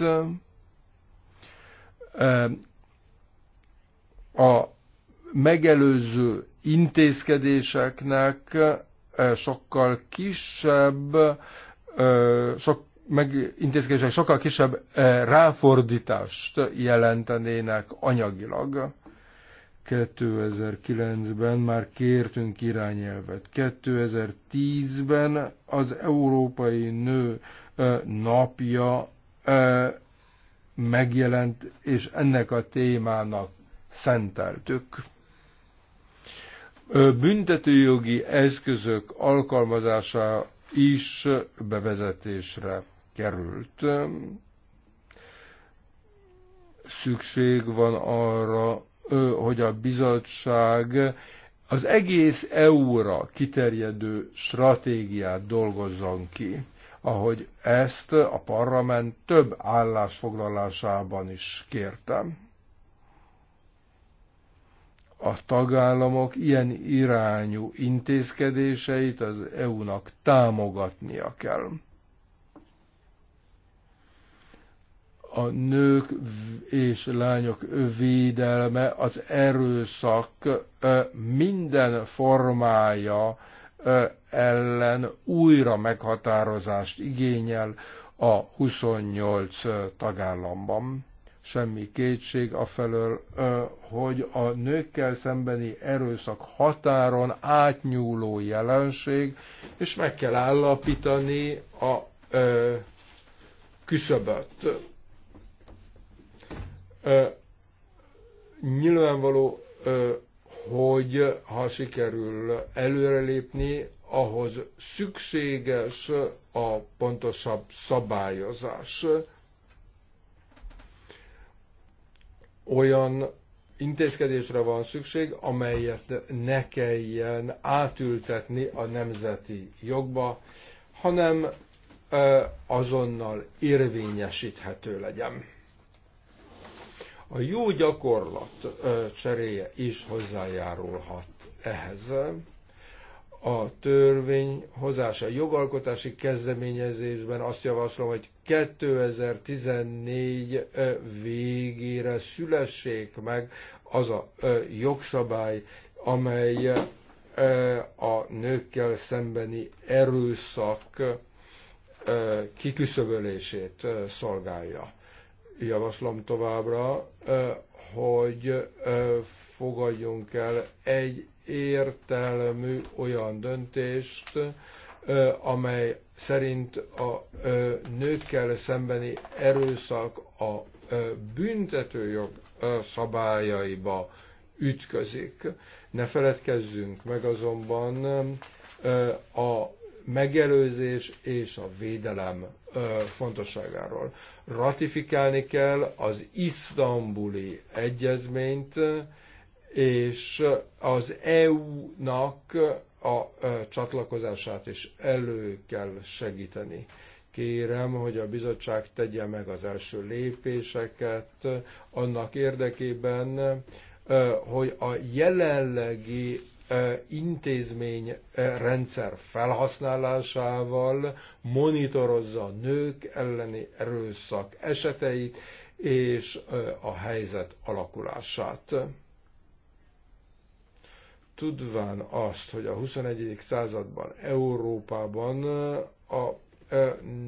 A megelőző intézkedéseknek sokkal kisebb, sok meg intézkedések sokkal kisebb ráfordítást jelentenének anyagilag. 2009-ben már kértünk irányelvet. 2010-ben az Európai Nő napja megjelent, és ennek a témának szenteltük. Büntetőjogi eszközök alkalmazása is bevezetésre került. Szükség van arra, hogy a bizottság az egész EU-ra kiterjedő stratégiát dolgozzon ki, ahogy ezt a parlament több állásfoglalásában is kértem. A tagállamok ilyen irányú intézkedéseit az EU-nak támogatnia kell. a nők és lányok védelme, az erőszak minden formája ellen újra meghatározást igényel a 28 tagállamban. Semmi kétség afelől, hogy a nőkkel szembeni erőszak határon átnyúló jelenség, és meg kell állapítani a küszöböt Nyilvánvaló, hogy ha sikerül előrelépni, ahhoz szükséges a pontosabb szabályozás. Olyan intézkedésre van szükség, amelyet ne kelljen átültetni a nemzeti jogba, hanem azonnal érvényesíthető legyen. A jó gyakorlat cseréje is hozzájárulhat ehhez. A törvény hozása jogalkotási kezdeményezésben azt javaslom, hogy 2014 végére szülessék meg az a jogszabály, amely a nőkkel szembeni erőszak kiküszöbölését szolgálja javaslom továbbra, hogy fogadjunk el egy értelmű olyan döntést, amely szerint a nőkkel szembeni erőszak a büntetőjog szabályaiba ütközik. Ne feledkezzünk meg azonban a megelőzés és a védelem fontosságáról. Ratifikálni kell az isztambuli egyezményt, és az EU-nak a csatlakozását is elő kell segíteni. Kérem, hogy a bizottság tegye meg az első lépéseket annak érdekében, hogy a jelenlegi intézmény rendszer felhasználásával monitorozza a nők elleni erőszak eseteit és a helyzet alakulását. Tudván azt, hogy a 21. században Európában a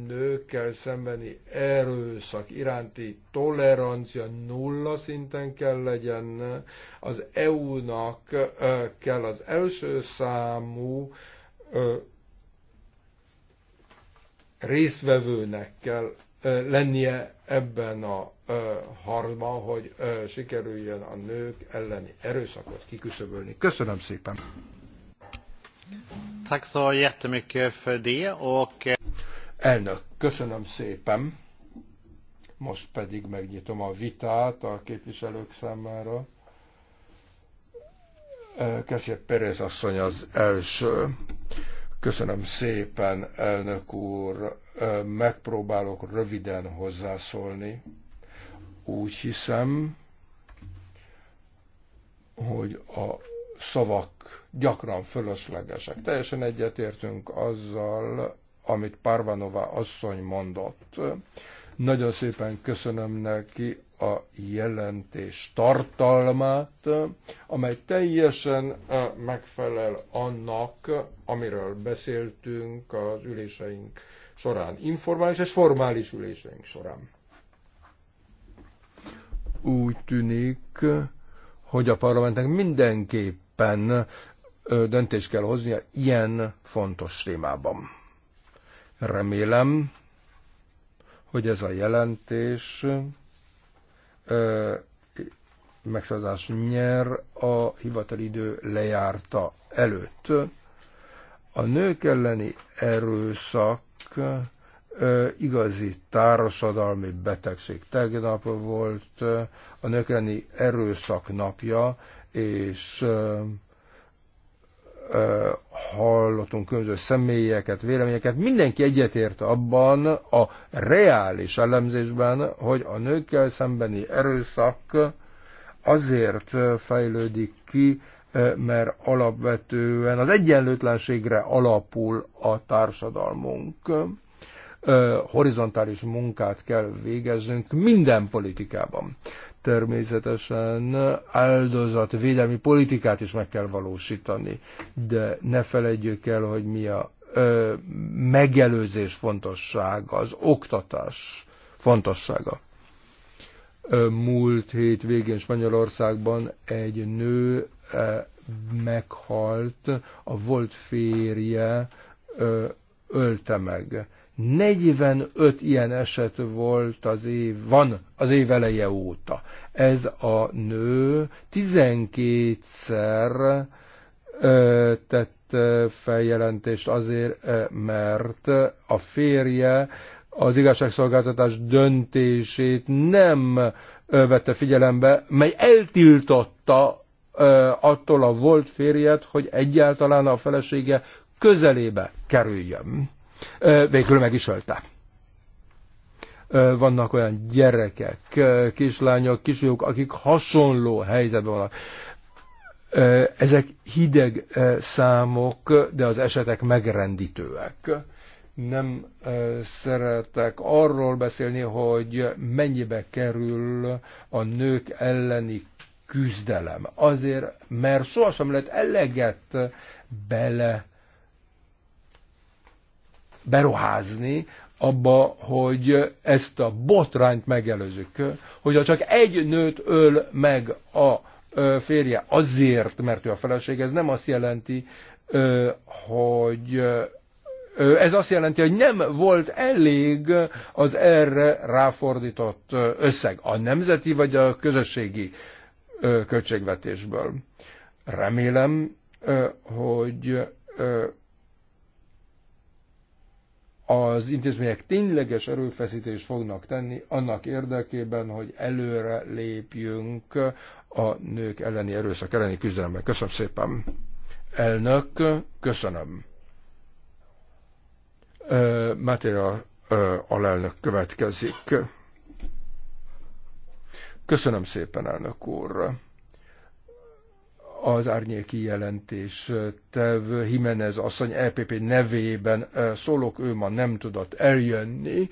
nőkkel szembeni erőszak iránti tolerancia nulla szinten kell legyen. Az EU-nak kell az első számú részvevőnek kell lennie ebben a harma, hogy sikerüljön a nők elleni erőszakot kiküszöbölni. Köszönöm szépen! Tack så jättemycket för det och Elnök, köszönöm szépen. Most pedig megnyitom a vitát a képviselők számára. Keszér Perez asszony az első. Köszönöm szépen, elnök úr. Megpróbálok röviden hozzászólni. Úgy hiszem, hogy a szavak gyakran fölöslegesek. Teljesen egyetértünk azzal, amit Parvanova asszony mondott. Nagyon szépen köszönöm neki a jelentés tartalmát, amely teljesen eh, megfelel annak, amiről beszéltünk az üléseink során, informális és formális üléseink során. Úgy tűnik, hogy a parlamentnek mindenképpen eh, döntést kell hoznia ilyen fontos témában. Remélem, hogy ez a jelentés megszavazás nyer a hivatali idő lejárta előtt. A nők elleni erőszak igazi társadalmi betegség. Tegnap volt a nők elleni erőszak napja, és hallottunk közös személyeket, véleményeket, mindenki egyetért abban a reális elemzésben, hogy a nőkkel szembeni erőszak azért fejlődik ki, mert alapvetően az egyenlőtlenségre alapul a társadalmunk. Horizontális munkát kell végeznünk minden politikában természetesen védelmi politikát is meg kell valósítani. De ne felejtjük el, hogy mi a ö, megelőzés fontossága, az oktatás fontossága. Múlt hét végén Spanyolországban egy nő meghalt, a volt férje ölte meg 45 ilyen eset volt az év, van az év eleje óta. Ez a nő 12-szer tett feljelentést azért, mert a férje az igazságszolgáltatás döntését nem vette figyelembe, mely eltiltotta attól a volt férjet, hogy egyáltalán a felesége közelébe kerüljön végül meg is ölte. Vannak olyan gyerekek, kislányok, kisfiúk, akik hasonló helyzetben vannak. Ezek hideg számok, de az esetek megrendítőek nem szeretek arról beszélni, hogy mennyibe kerül a nők elleni küzdelem. Azért, mert sohasem lehet eleget bele beruházni abba, hogy ezt a botrányt megelőzzük. Hogyha csak egy nőt öl meg a férje azért, mert ő a feleség, ez nem azt jelenti, hogy ez azt jelenti, hogy nem volt elég az erre ráfordított összeg a nemzeti vagy a közösségi költségvetésből. Remélem, hogy az intézmények tényleges erőfeszítést fognak tenni annak érdekében, hogy előre lépjünk a nők elleni erőszak elleni küzdelemben. Köszönöm szépen. Elnök, köszönöm. Mátéra alelnök következik. Köszönöm szépen, elnök úr az árnyéki jelentés tevő Jimenez asszony EPP nevében szólok, ő ma nem tudott eljönni,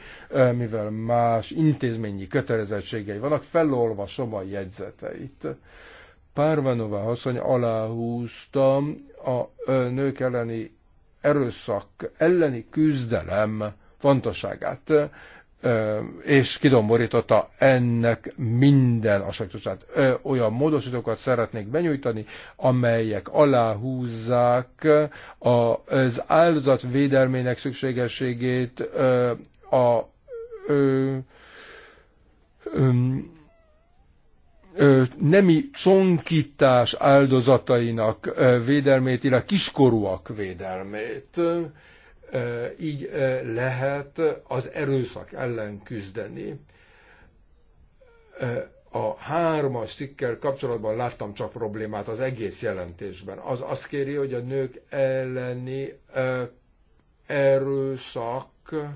mivel más intézményi kötelezettségei vannak, felolvasom a jegyzeteit. Párvanova asszony aláhúzta a nők elleni erőszak elleni küzdelem fontosságát és kidomborította ennek minden aspektusát. Olyan módosítókat szeretnék benyújtani, amelyek aláhúzzák az áldozat védelmének szükségességét a nemi csonkítás áldozatainak védelmét, illetve kiskorúak védelmét. Így lehet az erőszak ellen küzdeni. A hármas cikkel kapcsolatban láttam csak problémát az egész jelentésben. Az azt kéri, hogy a nők elleni erőszak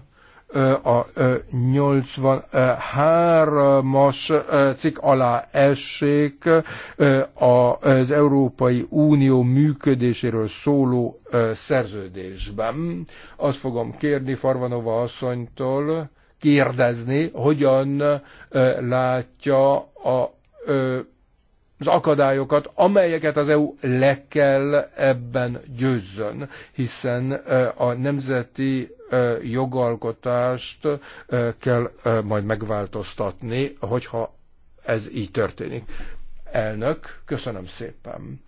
a 83-as cikk alá essék az Európai Unió működéséről szóló szerződésben. Azt fogom kérni Farvanova asszonytól, kérdezni, hogyan látja a az akadályokat, amelyeket az EU le kell ebben győzzön, hiszen a nemzeti jogalkotást kell majd megváltoztatni, hogyha ez így történik. Elnök, köszönöm szépen,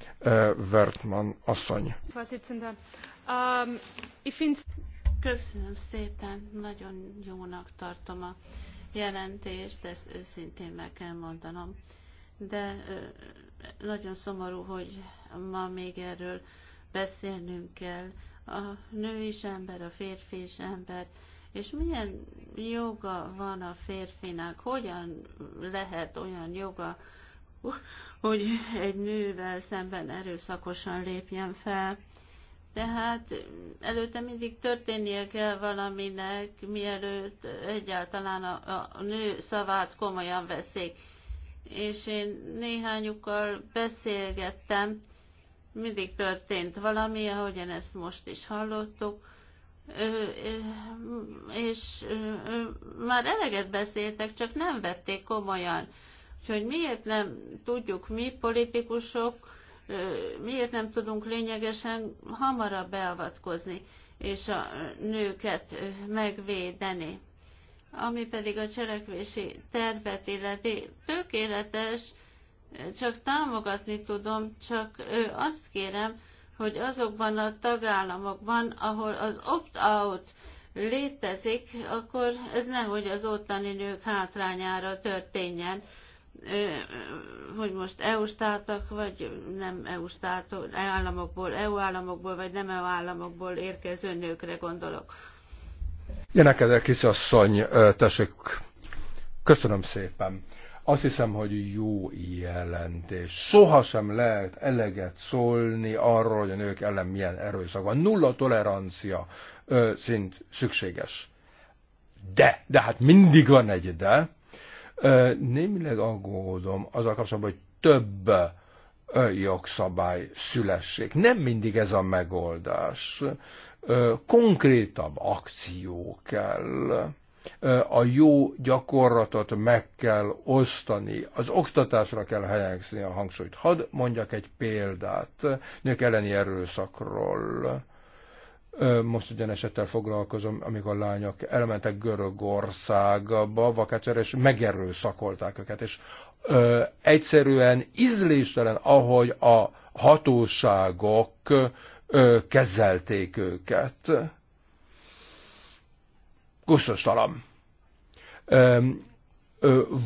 Vertman asszony. Ähm, köszönöm szépen, nagyon jónak tartom a jelentést, ezt őszintén meg kell mondanom de nagyon szomorú, hogy ma még erről beszélnünk kell. A nő is ember, a férfi is ember, és milyen joga van a férfinak, hogyan lehet olyan joga, hogy egy nővel szemben erőszakosan lépjen fel. Tehát előtte mindig történnie kell valaminek, mielőtt egyáltalán a, a nő szavát komolyan veszik és én néhányukkal beszélgettem, mindig történt valami, ahogyan ezt most is hallottuk, és már eleget beszéltek, csak nem vették komolyan. Úgyhogy miért nem tudjuk mi politikusok, miért nem tudunk lényegesen hamarabb beavatkozni és a nőket megvédeni ami pedig a cselekvési tervet illeti. Tökéletes, csak támogatni tudom, csak azt kérem, hogy azokban a tagállamokban, ahol az opt-out létezik, akkor ez nehogy az ottani nők hátrányára történjen, hogy most eu státok vagy nem eu államokból, EU államokból, vagy nem EU államokból érkező nőkre gondolok. Jenekedek kisasszony asszony, tessék, köszönöm szépen. Azt hiszem, hogy jó jelentés. Soha sem lehet eleget szólni arról, hogy a nők ellen milyen erőszak van. Nulla tolerancia ö, szint szükséges. De, de hát mindig van egy de. Ö, némileg aggódom azzal kapcsolatban, hogy több jogszabály szülessék. Nem mindig ez a megoldás konkrétabb akció kell. A jó gyakorlatot meg kell osztani, az oktatásra kell helyezni a hangsúlyt. Hadd mondjak egy példát nők elleni erőszakról most ugyan esettel foglalkozom, amikor lányok elmentek Görögországba vakácsára, és megerőszakolták őket, és ö, egyszerűen ízléstelen, ahogy a hatóságok kezelték őket. Gusztustalan.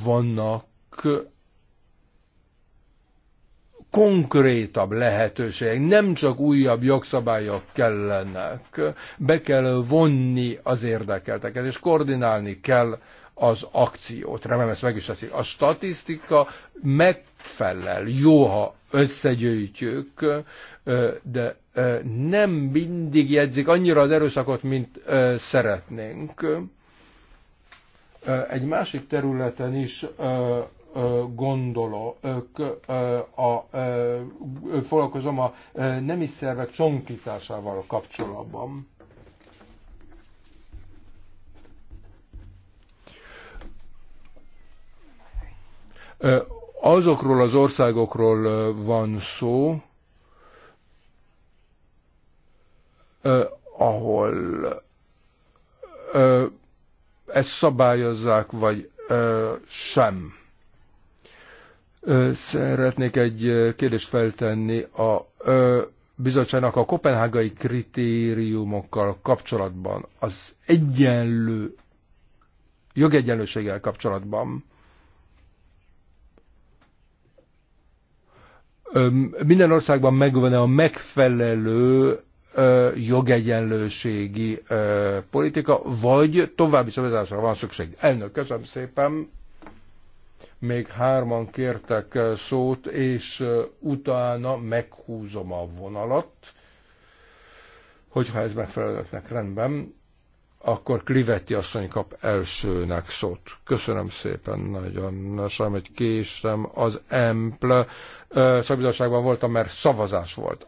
Vannak konkrétabb lehetőségek, nem csak újabb jogszabályok kellenek, be kell vonni az érdekelteket, és koordinálni kell az akciót. Remélem ezt meg is teszik. A statisztika megfelel, jó, ha összegyűjtjük, de nem mindig jegyzik annyira az erőszakot, mint szeretnénk. Egy másik területen is gondolok, a, foglalkozom a nemi szervek csonkításával a kapcsolatban. Azokról az országokról van szó, ahol ezt szabályozzák, vagy sem. Szeretnék egy kérdést feltenni a bizottságnak a kopenhágai kritériumokkal kapcsolatban, az egyenlő jogegyenlőséggel kapcsolatban. Minden országban megvan -e a megfelelő jogegyenlőségi politika, vagy további szabadásra van szükség. Elnök, köszönöm szépen. Még hárman kértek szót, és utána meghúzom a vonalat, hogyha ez megfelelőknek rendben akkor Kliveti asszony kap elsőnek szót. Köszönöm szépen nagyon. Sajnálom, hogy késtem. Az EMPL szabadságban voltam, mert szavazás volt.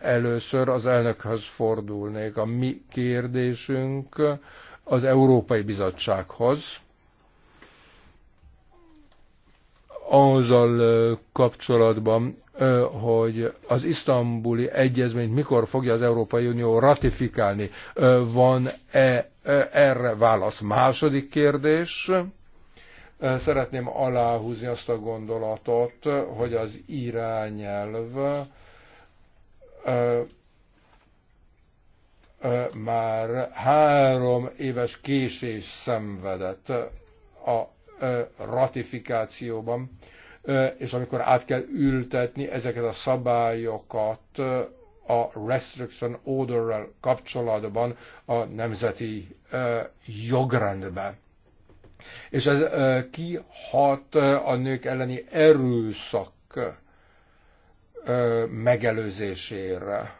Először az elnökhöz fordulnék. A mi kérdésünk az Európai Bizottsághoz. Azzal kapcsolatban, hogy az isztambuli egyezményt mikor fogja az Európai Unió ratifikálni. Van-e erre válasz? Második kérdés. Szeretném aláhúzni azt a gondolatot, hogy az irányelv már három éves késés szenvedett a ratifikációban, és amikor át kell ültetni ezeket a szabályokat a restriction orderrel kapcsolatban a nemzeti jogrendbe. És ez kihat a nők elleni erőszak megelőzésére.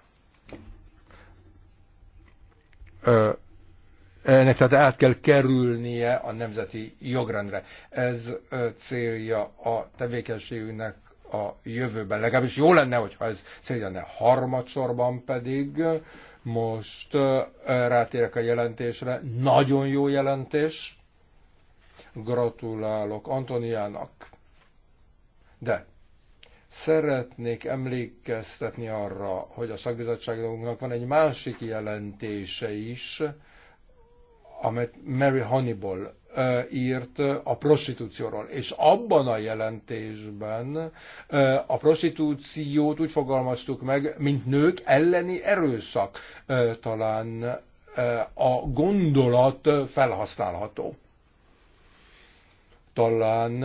Ennek tehát át kell kerülnie a nemzeti jogrendre. Ez célja a tevékenységünknek a jövőben. Legalábbis jó lenne, hogyha ez célja lenne. Harmadsorban pedig most rátérek a jelentésre. Nagyon jó jelentés. Gratulálok Antoniának. De Szeretnék emlékeztetni arra, hogy a szakbizottságunknak van egy másik jelentése is, amit Mary Honeyball írt a prostitúcióról. És abban a jelentésben a prostitúciót úgy fogalmaztuk meg, mint nők elleni erőszak. Talán a gondolat felhasználható. Talán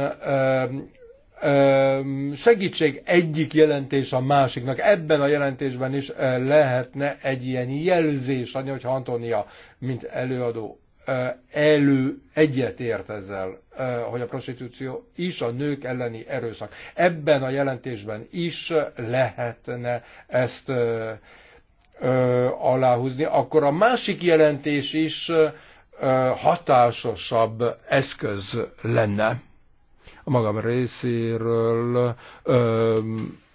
segítség egyik jelentés a másiknak. Ebben a jelentésben is lehetne egy ilyen jelzés adni, hogyha Antonia, mint előadó, elő egyetért ezzel, hogy a prostitúció is a nők elleni erőszak. Ebben a jelentésben is lehetne ezt aláhúzni, akkor a másik jelentés is hatásosabb eszköz lenne a magam részéről ö,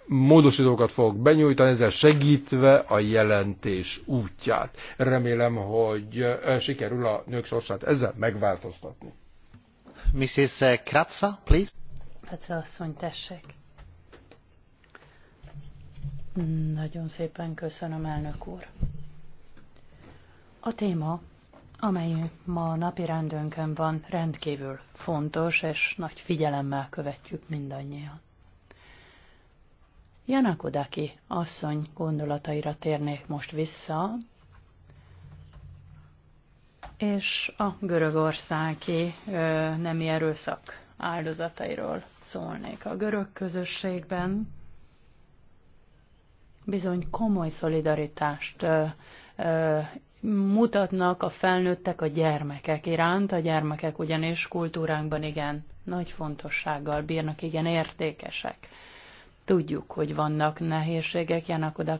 módosítókat fogok benyújtani, ezzel segítve a jelentés útját. Remélem, hogy sikerül a nők sorsát ezzel megváltoztatni. Mrs. Eh, Kratza, please. Kratza asszony, tessék. Nagyon szépen köszönöm, elnök úr. A téma amely ma napi rendőnkön van, rendkívül fontos, és nagy figyelemmel követjük mindannyian. Janakodaki asszony gondolataira térnék most vissza, és a görögországi ö, nemi erőszak áldozatairól szólnék. A görög közösségben bizony komoly szolidaritást ö, ö, mutatnak a felnőttek a gyermekek iránt, a gyermekek ugyanis kultúránkban igen nagy fontossággal bírnak, igen értékesek. Tudjuk, hogy vannak nehézségek,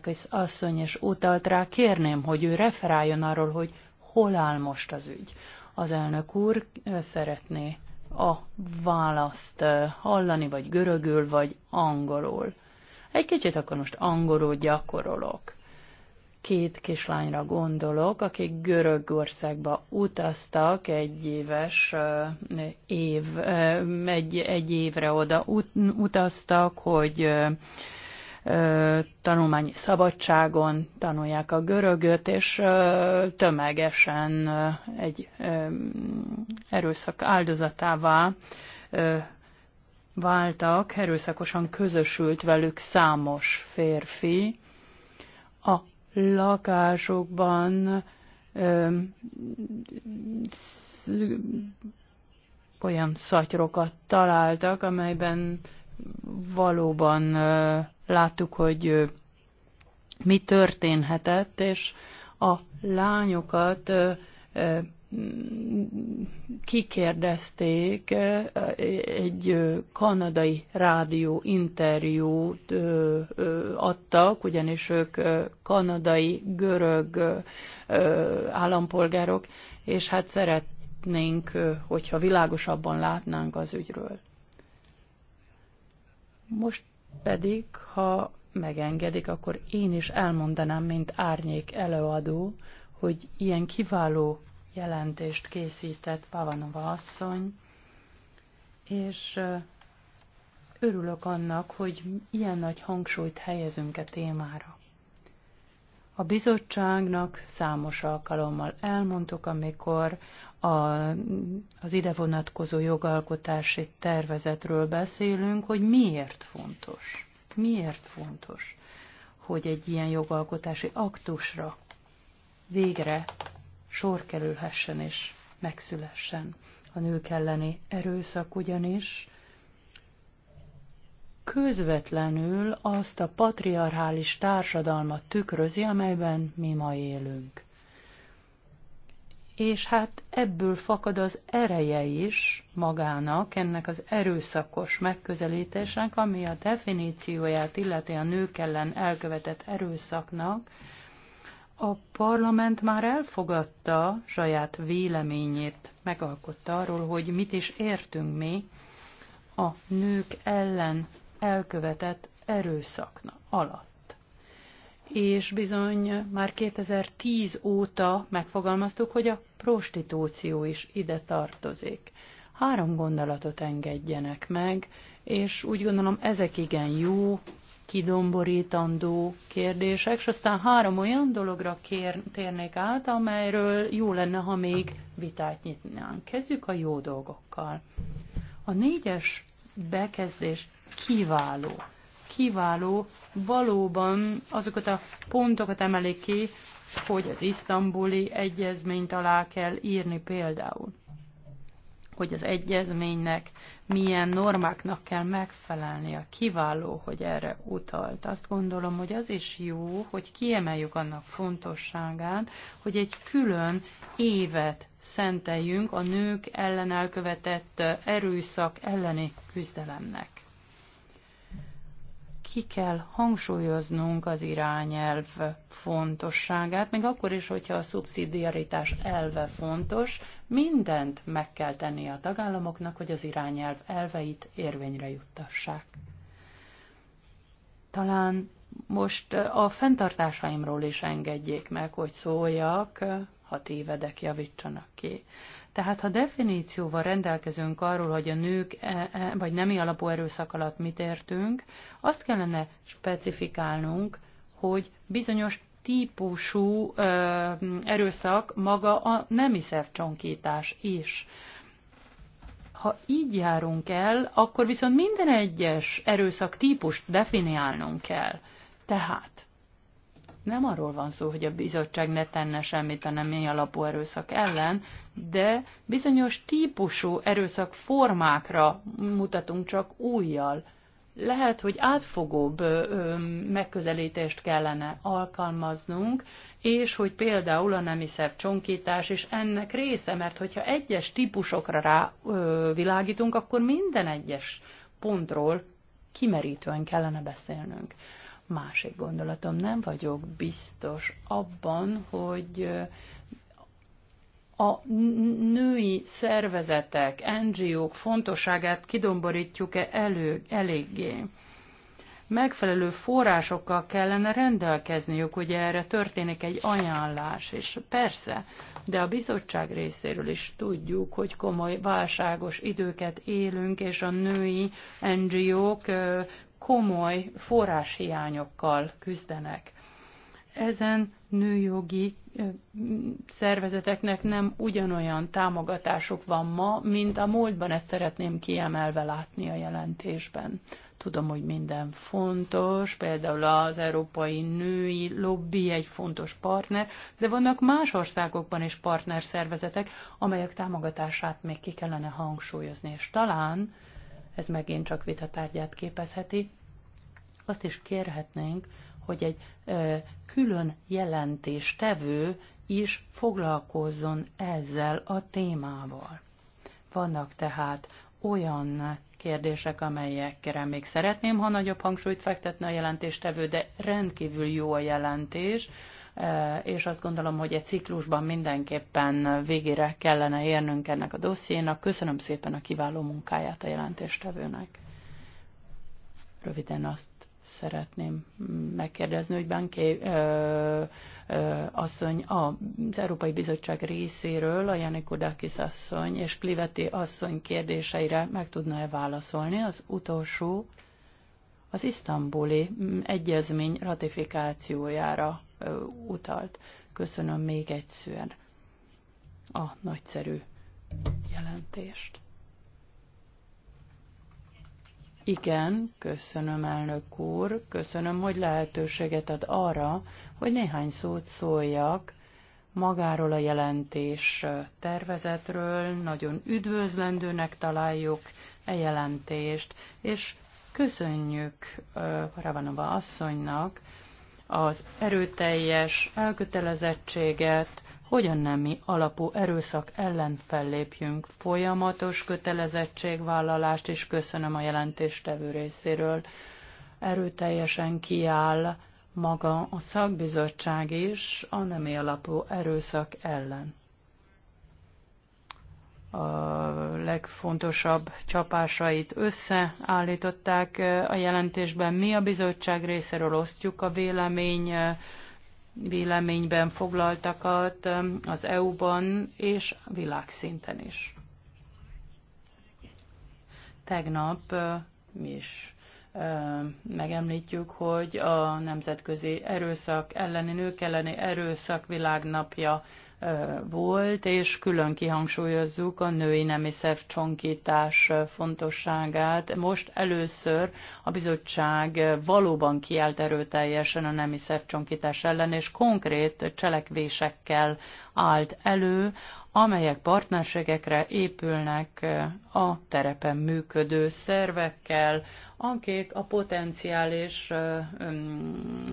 az asszony és utalt rá, kérném, hogy ő referáljon arról, hogy hol áll most az ügy. Az elnök úr szeretné a választ hallani, vagy görögül, vagy angolul. Egy kicsit akkor most angolul gyakorolok két kislányra gondolok, akik Görögországba utaztak egy éves év, egy, egy évre oda ut, utaztak, hogy tanulmányi szabadságon tanulják a görögöt, és tömegesen egy erőszak áldozatává váltak, erőszakosan közösült velük számos férfi, lakásokban ö, sz, olyan szatyrokat találtak, amelyben valóban ö, láttuk, hogy ö, mi történhetett, és a lányokat ö, ö, kikérdezték eh, egy eh, kanadai rádió interjút eh, adtak, ugyanis ők kanadai görög állampolgárok, és hát szeretnénk, hogyha világosabban látnánk az ügyről. Most pedig, ha megengedik, akkor én is elmondanám, mint árnyék előadó, hogy ilyen kiváló jelentést készített Pavanova asszony, és örülök annak, hogy ilyen nagy hangsúlyt helyezünk a e témára. A bizottságnak számos alkalommal elmondtuk, amikor a, az ide vonatkozó jogalkotási tervezetről beszélünk, hogy miért fontos. Miért fontos, hogy egy ilyen jogalkotási aktusra végre sor kerülhessen és megszülessen. A nők elleni erőszak ugyanis közvetlenül azt a patriarchális társadalmat tükrözi, amelyben mi ma élünk. És hát ebből fakad az ereje is magának, ennek az erőszakos megközelítésnek, ami a definícióját illeti a nők ellen elkövetett erőszaknak, a parlament már elfogadta saját véleményét, megalkotta arról, hogy mit is értünk mi a nők ellen elkövetett erőszakna alatt. És bizony már 2010 óta megfogalmaztuk, hogy a prostitúció is ide tartozik. Három gondolatot engedjenek meg, és úgy gondolom ezek igen jó kidomborítandó kérdések, és aztán három olyan dologra kér, térnék át, amelyről jó lenne, ha még vitát nyitnánk. Kezdjük a jó dolgokkal. A négyes bekezdés kiváló. Kiváló valóban azokat a pontokat emelik ki, hogy az isztambuli egyezményt alá kell írni például hogy az egyezménynek milyen normáknak kell megfelelnie. Kiváló, hogy erre utalt. Azt gondolom, hogy az is jó, hogy kiemeljük annak fontosságát, hogy egy külön évet szenteljünk a nők ellen elkövetett erőszak elleni küzdelemnek ki kell hangsúlyoznunk az irányelv fontosságát, még akkor is, hogyha a szubszidiaritás elve fontos, mindent meg kell tenni a tagállamoknak, hogy az irányelv elveit érvényre juttassák. Talán most a fenntartásaimról is engedjék meg, hogy szóljak, ha tévedek, javítsanak ki. Tehát ha definícióval rendelkezünk arról, hogy a nők e, e, vagy nemi alapú erőszak alatt mit értünk, azt kellene specifikálnunk, hogy bizonyos típusú ö, erőszak maga a nemi szervcsonkítás is. Ha így járunk el, akkor viszont minden egyes erőszak típust definiálnunk kell. Tehát nem arról van szó, hogy a bizottság ne tenne semmit a nemi alapú erőszak ellen, de bizonyos típusú erőszak formákra mutatunk csak újjal. Lehet, hogy átfogóbb megközelítést kellene alkalmaznunk, és hogy például a nemiszerv csonkítás is ennek része, mert hogyha egyes típusokra rávilágítunk, akkor minden egyes pontról kimerítően kellene beszélnünk. Másik gondolatom, nem vagyok biztos abban, hogy a női szervezetek, NGO-k fontosságát kidomborítjuk-e elő, eléggé. Megfelelő forrásokkal kellene rendelkezniük, hogy erre történik egy ajánlás, és persze, de a bizottság részéről is tudjuk, hogy komoly válságos időket élünk, és a női NGO-k komoly forráshiányokkal küzdenek ezen nőjogi szervezeteknek nem ugyanolyan támogatásuk van ma, mint a múltban, ezt szeretném kiemelve látni a jelentésben. Tudom, hogy minden fontos, például az európai női lobby egy fontos partner, de vannak más országokban is partnerszervezetek, amelyek támogatását még ki kellene hangsúlyozni, és talán, ez megint csak vitatárgyát képezheti, azt is kérhetnénk, hogy egy külön jelentéstevő is foglalkozzon ezzel a témával. Vannak tehát olyan kérdések, amelyekre még szeretném, ha nagyobb hangsúlyt fektetne a jelentéstevő, de rendkívül jó a jelentés, és azt gondolom, hogy egy ciklusban mindenképpen végére kellene érnünk ennek a dossziénak. Köszönöm szépen a kiváló munkáját a jelentéstevőnek. Röviden azt szeretném megkérdezni, hogy Banké asszony az Európai Bizottság részéről a Janikudakis asszony és Kliveti asszony kérdéseire meg tudna-e válaszolni. Az utolsó az isztambuli mm, egyezmény ratifikációjára utalt. Köszönöm még egyszer a nagyszerű jelentést. Igen, köszönöm, elnök úr, köszönöm, hogy lehetőséget ad arra, hogy néhány szót szóljak magáról a jelentés tervezetről. Nagyon üdvözlendőnek találjuk e jelentést, és köszönjük Ravanova asszonynak az erőteljes elkötelezettséget, hogyan nemi alapú erőszak ellen fellépjünk. Folyamatos kötelezettségvállalást is köszönöm a jelentéstevő részéről. Erőteljesen kiáll maga a szakbizottság is a nemi alapú erőszak ellen. A legfontosabb csapásait összeállították eh, a jelentésben. Mi a bizottság részéről osztjuk a vélemény eh, véleményben foglaltakat az EU-ban és világszinten is. Tegnap mi is megemlítjük, hogy a Nemzetközi Erőszak elleni nők elleni erőszak világnapja volt, és külön kihangsúlyozzuk a női nemi szervcsonkítás fontosságát. Most először a bizottság valóban kiállt erőteljesen a nemi szervcsonkítás ellen, és konkrét cselekvésekkel állt elő, amelyek partnerségekre épülnek a terepen működő szervekkel, akik a potenciális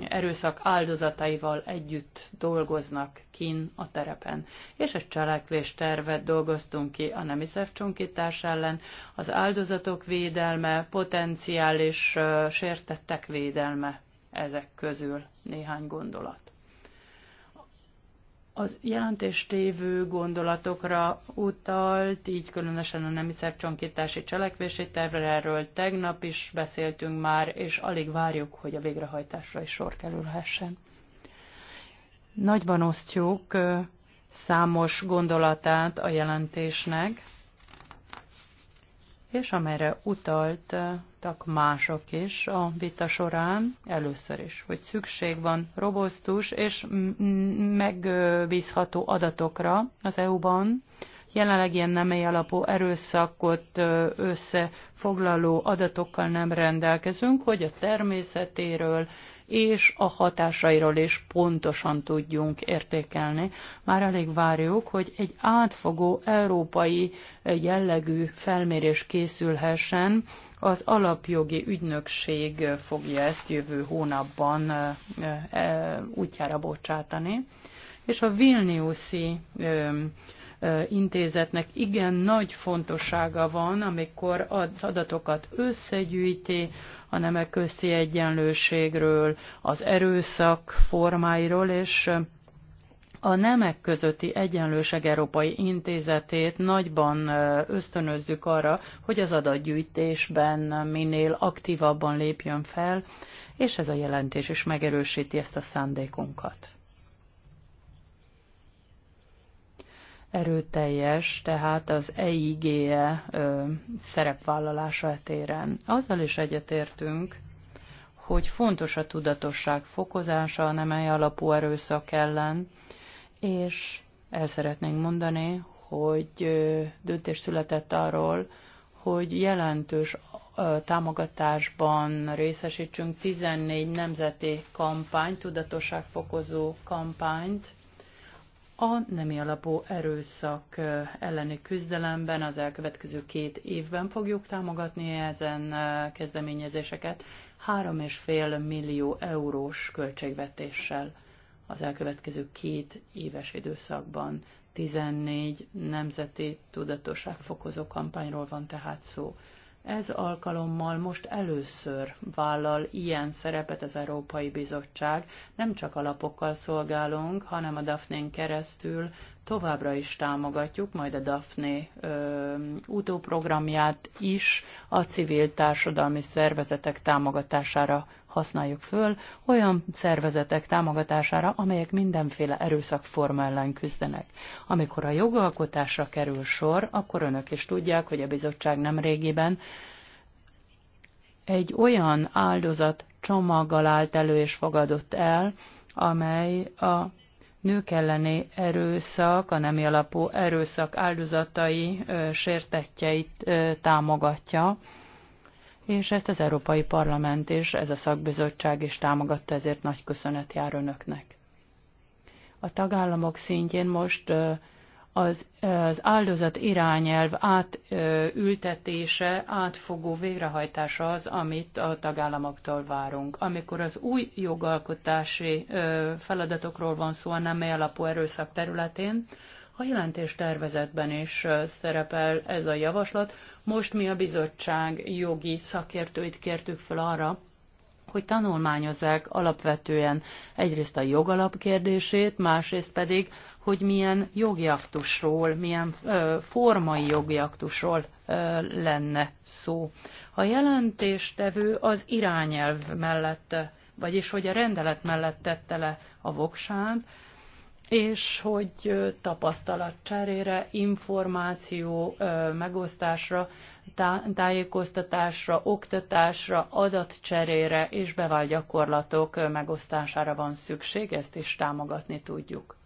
erőszak áldozataival együtt dolgoznak kin a terepen. És egy cselekvés tervet dolgoztunk ki a nemi szervcsonkítás ellen, az áldozatok védelme, potenciális sértettek védelme ezek közül néhány gondolat az jelentéstévő gondolatokra utalt, így különösen a nemi szervcsonkítási cselekvési tervre erről tegnap is beszéltünk már, és alig várjuk, hogy a végrehajtásra is sor kerülhessen. Nagyban osztjuk számos gondolatát a jelentésnek, és amelyre utaltak mások is a vita során, először is, hogy szükség van robosztus és megbízható adatokra az EU-ban, jelenleg ilyen nemei alapú erőszakot összefoglaló adatokkal nem rendelkezünk, hogy a természetéről, és a hatásairól is pontosan tudjunk értékelni. Már elég várjuk, hogy egy átfogó európai jellegű felmérés készülhessen, az alapjogi ügynökség fogja ezt jövő hónapban útjára bocsátani, és a Vilniuszi intézetnek igen nagy fontossága van, amikor az adatokat összegyűjti, a nemek közti egyenlőségről, az erőszak formáiról, és a nemek közötti egyenlőség európai intézetét nagyban ösztönözzük arra, hogy az adatgyűjtésben minél aktívabban lépjön fel, és ez a jelentés is megerősíti ezt a szándékunkat. erőteljes, tehát az EIGE e, szerepvállalása téren. Azzal is egyetértünk, hogy fontos a tudatosság fokozása a nemely alapú erőszak ellen, és el szeretnénk mondani, hogy döntés született arról, hogy jelentős támogatásban részesítsünk 14 nemzeti kampány, tudatosságfokozó kampányt, a nemi alapú erőszak elleni küzdelemben az elkövetkező két évben fogjuk támogatni ezen kezdeményezéseket 3,5 millió eurós költségvetéssel az elkövetkező két éves időszakban. 14 nemzeti tudatosságfokozó kampányról van tehát szó. Ez alkalommal most először vállal ilyen szerepet az Európai Bizottság. Nem csak alapokkal szolgálunk, hanem a Daphne keresztül továbbra is támogatjuk, majd a Daphne ö, utóprogramját is a civil társadalmi szervezetek támogatására használjuk föl olyan szervezetek támogatására, amelyek mindenféle erőszakforma ellen küzdenek. Amikor a jogalkotásra kerül sor, akkor önök is tudják, hogy a bizottság nem régiben egy olyan áldozat csomaggal állt elő és fogadott el, amely a nők elleni erőszak, a nemi alapú erőszak áldozatai sértetjeit támogatja és ezt az Európai Parlament és ez a szakbizottság is támogatta, ezért nagy köszönet jár önöknek. A tagállamok szintjén most az, az áldozat irányelv átültetése, átfogó végrehajtása az, amit a tagállamoktól várunk. Amikor az új jogalkotási feladatokról van szó a nemi alapú erőszak területén, a jelentéstervezetben tervezetben is szerepel ez a javaslat. Most mi a bizottság jogi szakértőit kértük fel arra, hogy tanulmányozzák alapvetően egyrészt a jogalap kérdését, másrészt pedig, hogy milyen jogi aktusról, milyen ö, formai jogi aktusról ö, lenne szó. A jelentéstevő az irányelv mellett, vagyis hogy a rendelet mellett tette le a voksát, és hogy tapasztalatcserére, információ megosztásra, tájékoztatásra, oktatásra, adatcserére és bevált gyakorlatok megosztására van szükség, ezt is támogatni tudjuk.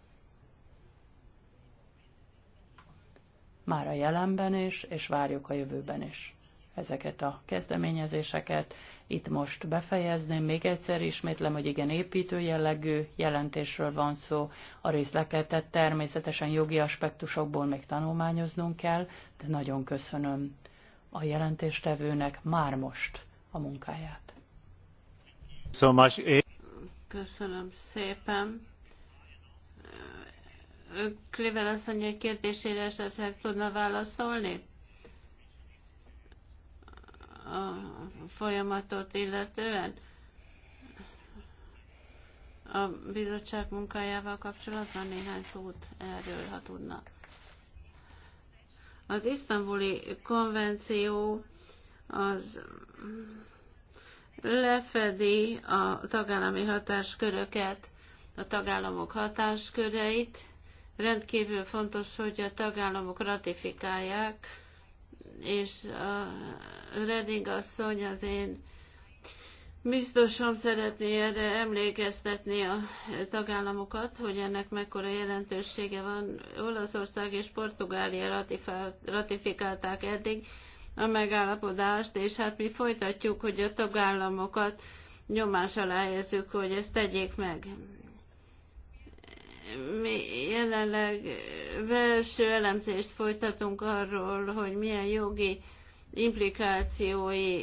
Már a jelenben is, és várjuk a jövőben is ezeket a kezdeményezéseket. Itt most befejezném, még egyszer ismétlem, hogy igen építő jellegű jelentésről van szó, a részleketet természetesen jogi aspektusokból még tanulmányoznunk kell, de nagyon köszönöm a jelentéstevőnek már most a munkáját. So much. Köszönöm szépen. Klivel asszony egy kérdésére esetleg tudna válaszolni? a folyamatot illetően a bizottság munkájával kapcsolatban néhány szót erről, ha tudna. Az isztambuli konvenció az lefedi a tagállami hatásköröket, a tagállamok hatásköreit. Rendkívül fontos, hogy a tagállamok ratifikálják és a Redding asszony az én biztosom szeretné erre emlékeztetni a tagállamokat, hogy ennek mekkora jelentősége van. Olaszország és Portugália ratifikálták eddig a megállapodást, és hát mi folytatjuk, hogy a tagállamokat nyomás alá helyezzük, hogy ezt tegyék meg mi jelenleg belső elemzést folytatunk arról, hogy milyen jogi implikációi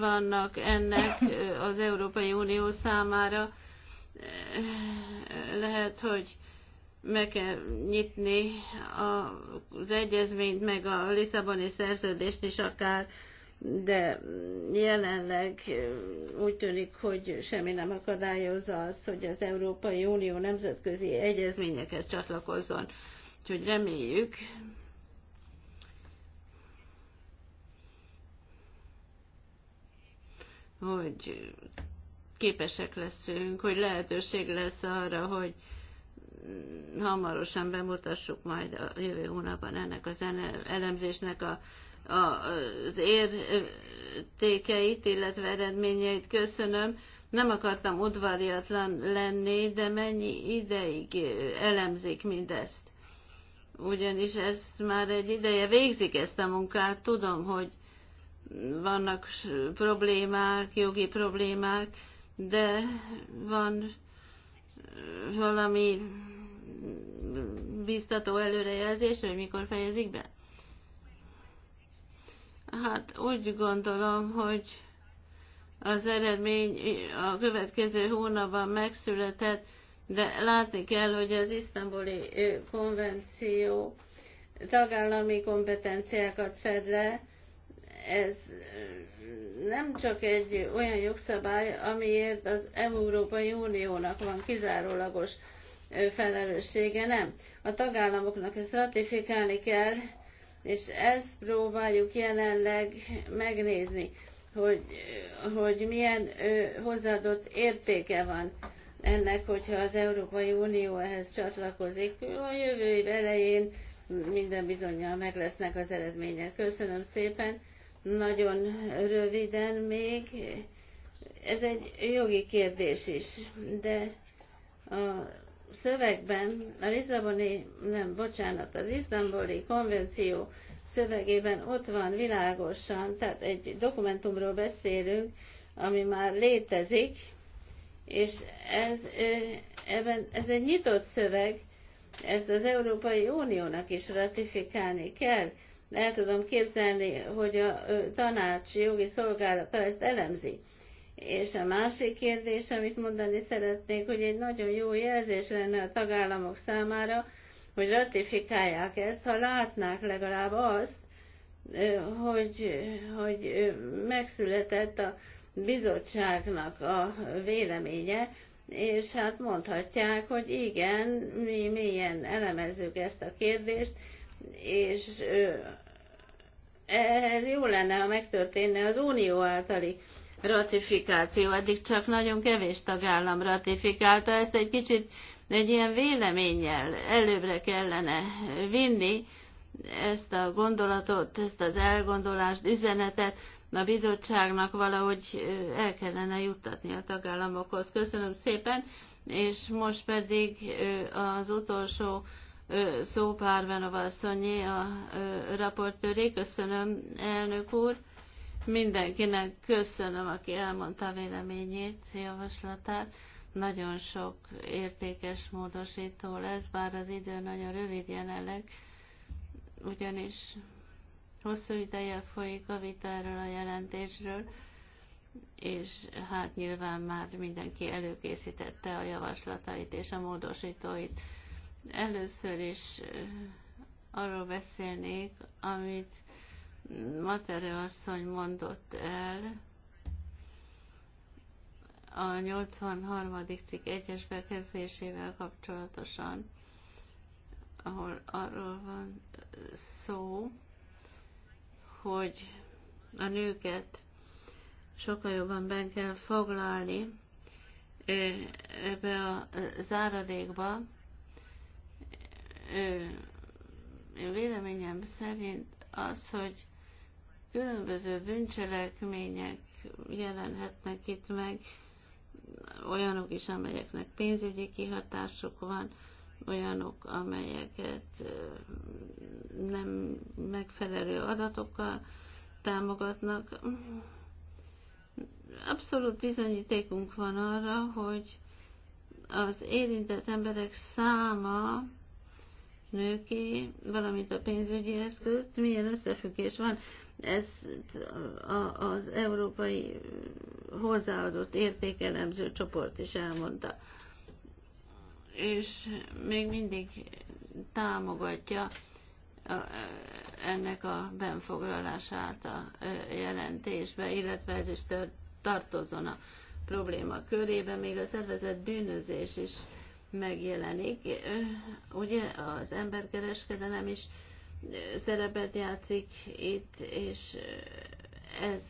vannak ennek az Európai Unió számára. Lehet, hogy meg kell nyitni az egyezményt, meg a Lisszaboni szerződést is akár de jelenleg úgy tűnik, hogy semmi nem akadályozza azt, hogy az Európai Unió nemzetközi egyezményekhez csatlakozzon. Úgyhogy reméljük, hogy képesek leszünk, hogy lehetőség lesz arra, hogy hamarosan bemutassuk majd a jövő hónapban ennek az elemzésnek a az értékeit, illetve eredményeit köszönöm. Nem akartam udvariatlan lenni, de mennyi ideig elemzik mindezt? Ugyanis ezt már egy ideje végzik ezt a munkát, tudom, hogy vannak problémák, jogi problémák, de van valami biztató előrejelzés, hogy mikor fejezik be? Hát úgy gondolom, hogy az eredmény a következő hónapban megszületett, de látni kell, hogy az isztambuli konvenció tagállami kompetenciákat fed le. Ez nem csak egy olyan jogszabály, amiért az Európai Uniónak van kizárólagos felelőssége, nem. A tagállamoknak ezt ratifikálni kell, és ezt próbáljuk jelenleg megnézni, hogy, hogy milyen hozzáadott értéke van ennek, hogyha az Európai Unió ehhez csatlakozik. A jövő év elején minden bizonyal meg lesznek az eredmények. Köszönöm szépen. Nagyon röviden még, ez egy jogi kérdés is, de a szövegben, a Lisszaboni, nem, bocsánat, az isztambuli konvenció szövegében ott van világosan, tehát egy dokumentumról beszélünk, ami már létezik, és ez, ebben, ez egy nyitott szöveg, ezt az Európai Uniónak is ratifikálni kell. El tudom képzelni, hogy a tanács jogi szolgálata ezt elemzi és a másik kérdés, amit mondani szeretnék, hogy egy nagyon jó jelzés lenne a tagállamok számára, hogy ratifikálják ezt, ha látnák legalább azt, hogy, hogy megszületett a bizottságnak a véleménye, és hát mondhatják, hogy igen, mi mélyen elemezzük ezt a kérdést, és ehhez jó lenne, ha megtörténne az unió általi ratifikáció. Eddig csak nagyon kevés tagállam ratifikálta, ezt egy kicsit egy ilyen véleménnyel előbbre kellene vinni ezt a gondolatot, ezt az elgondolást, üzenetet a bizottságnak valahogy el kellene juttatni a tagállamokhoz. Köszönöm szépen, és most pedig az utolsó szó a asszonyé a raportőré. Köszönöm, elnök úr. Mindenkinek köszönöm, aki elmondta véleményét, javaslatát. Nagyon sok értékes módosító lesz, bár az idő nagyon rövid jelenleg, ugyanis hosszú ideje folyik a vita erről a jelentésről, és hát nyilván már mindenki előkészítette a javaslatait és a módosítóit. Először is arról beszélnék, amit Materő asszony mondott el, a 83. cikk egyes bekezdésével kapcsolatosan, ahol arról van szó, hogy a nőket sokkal jobban be kell foglalni ebbe a záradékba. Véleményem szerint az, hogy Különböző bűncselekmények jelenhetnek itt meg, olyanok is, amelyeknek pénzügyi kihatásuk van, olyanok, amelyeket nem megfelelő adatokkal támogatnak. Abszolút bizonyítékunk van arra, hogy az érintett emberek száma nőké, valamint a pénzügyi eszköz, milyen összefüggés van ez az európai hozzáadott értékelemző csoport is elmondta. És még mindig támogatja ennek a benfoglalását a jelentésbe, illetve ez is tartozon a probléma körébe, még a szervezet bűnözés is megjelenik. Ugye az emberkereskedelem is szerepet játszik itt, és ez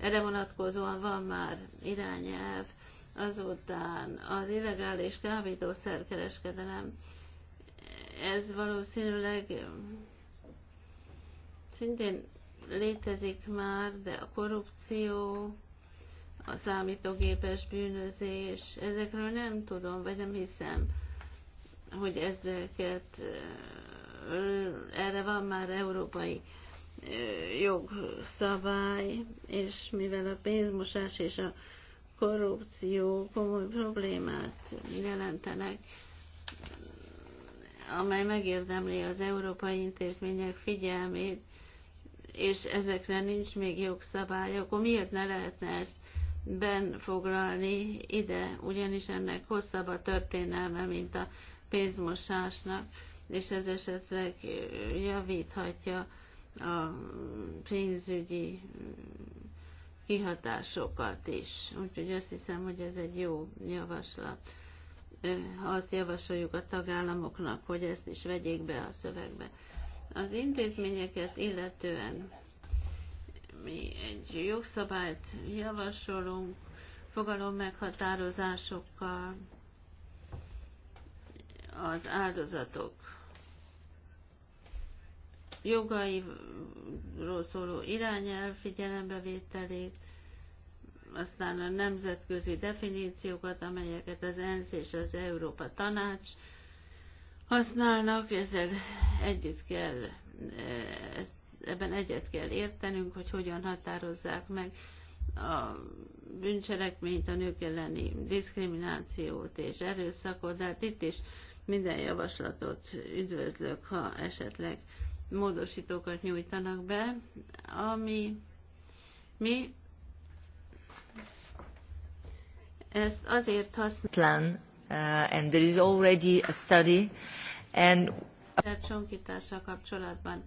erre vonatkozóan van már irányelv, azután az illegális kábítószerkereskedelem, ez valószínűleg szintén létezik már, de a korrupció, a számítógépes bűnözés, ezekről nem tudom, vagy nem hiszem, hogy ezeket erre van már európai jogszabály, és mivel a pénzmosás és a korrupció komoly problémát jelentenek, amely megérdemli az európai intézmények figyelmét, és ezekre nincs még jogszabály, akkor miért ne lehetne ezt ben foglalni ide, ugyanis ennek hosszabb a történelme, mint a pénzmosásnak és ez esetleg javíthatja a pénzügyi kihatásokat is. Úgyhogy azt hiszem, hogy ez egy jó javaslat. Ha azt javasoljuk a tagállamoknak, hogy ezt is vegyék be a szövegbe. Az intézményeket illetően mi egy jogszabályt javasolunk, fogalom meghatározásokkal az áldozatok jogairól szóló irányelv figyelembevételét, aztán a nemzetközi definíciókat, amelyeket az ENSZ és az Európa Tanács használnak, ezzel együtt kell, eh, ebben egyet kell értenünk, hogy hogyan határozzák meg a bűncselekményt, a nők elleni diszkriminációt és erőszakot, de hát itt is minden javaslatot üdvözlök, ha esetleg módosítókat nyújtanak be, ami mi ezt azért használjuk. Uh, and there is already a study and csonkítással kapcsolatban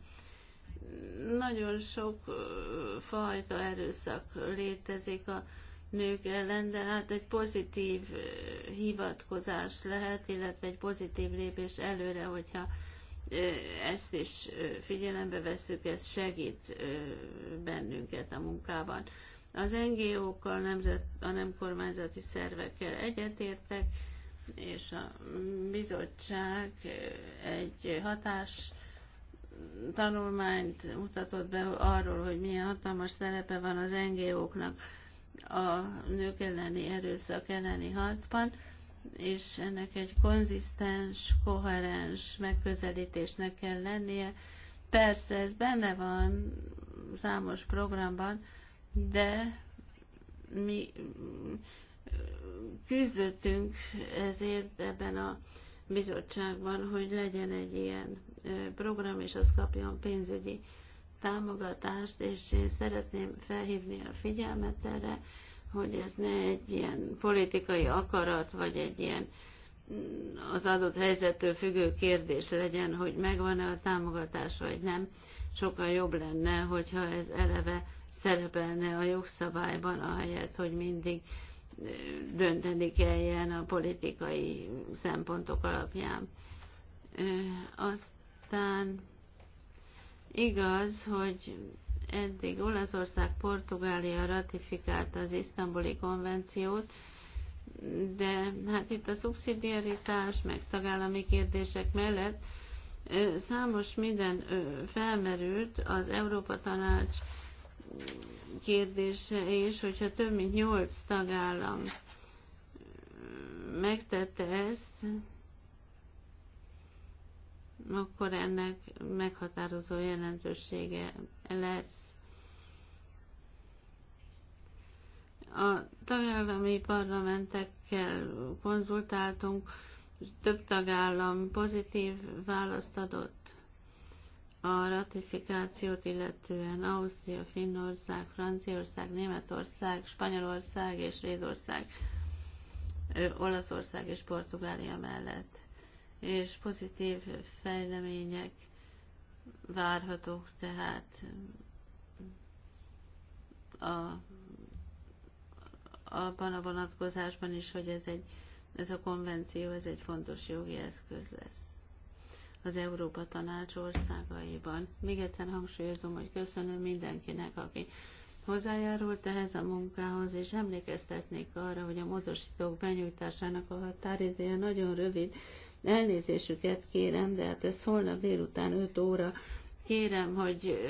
nagyon sok uh, fajta erőszak létezik a nők ellen, de hát egy pozitív uh, hivatkozás lehet, illetve egy pozitív lépés előre, hogyha ezt is figyelembe veszük, ez segít bennünket a munkában. Az NGO-kkal, nemzet, a nem kormányzati szervekkel egyetértek, és a bizottság egy hatás tanulmányt mutatott be arról, hogy milyen hatalmas szerepe van az NGO-knak a nők elleni erőszak elleni harcban és ennek egy konzisztens, koherens megközelítésnek kell lennie. Persze ez benne van számos programban, de mi mm, küzdöttünk ezért ebben a bizottságban, hogy legyen egy ilyen program, és az kapjon pénzügyi támogatást, és én szeretném felhívni a figyelmet erre, hogy ez ne egy ilyen politikai akarat, vagy egy ilyen mm, az adott helyzettől függő kérdés legyen, hogy megvan-e a támogatás, vagy nem. Sokkal jobb lenne, hogyha ez eleve szerepelne a jogszabályban, ahelyett, hogy mindig dönteni kelljen a politikai szempontok alapján. Aztán igaz, hogy eddig Olaszország, Portugália ratifikálta az isztambuli konvenciót, de hát itt a szubszidiaritás, meg tagállami kérdések mellett számos minden felmerült az Európa Tanács kérdése is, hogyha több mint nyolc tagállam megtette ezt, akkor ennek meghatározó jelentősége lesz. A tagállami parlamentekkel konzultáltunk, több tagállam pozitív választ adott a ratifikációt illetően Ausztria, Finnország, Franciaország, Németország, Spanyolország és Rédország, Olaszország és Portugália mellett. És pozitív fejlemények várhatók tehát a, abban a vonatkozásban is, hogy ez, egy, ez a konvenció ez egy fontos jogi eszköz lesz az Európa Tanács országaiban. Még egyszer hangsúlyozom, hogy köszönöm mindenkinek, aki hozzájárult ehhez a munkához, és emlékeztetnék arra, hogy a módosítók benyújtásának a határideje nagyon rövid, Elnézésüket kérem, de hát ez holnap délután 5 óra. Kérem, hogy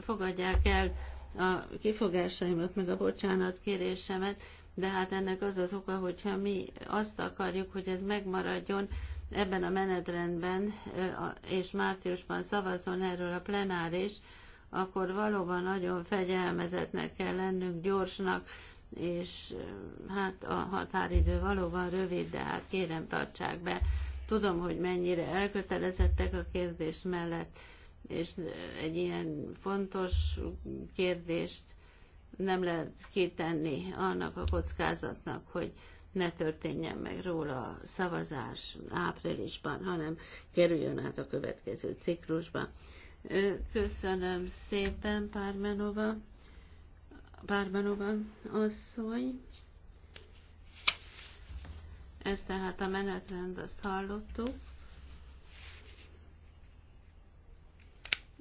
fogadják el a kifogásaimat, meg a bocsánat kérésemet, de hát ennek az az oka, hogyha mi azt akarjuk, hogy ez megmaradjon ebben a menetrendben, és márciusban szavazzon erről a plenáris, akkor valóban nagyon fegyelmezetnek kell lennünk, gyorsnak, és hát a határidő valóban rövid, de hát kérem tartsák be. Tudom, hogy mennyire elkötelezettek a kérdés mellett, és egy ilyen fontos kérdést nem lehet kitenni annak a kockázatnak, hogy ne történjen meg róla a szavazás áprilisban, hanem kerüljön át a következő ciklusba. Köszönöm szépen, Pármenova. Bárbanova asszony. Ez tehát a menetrend, azt hallottuk.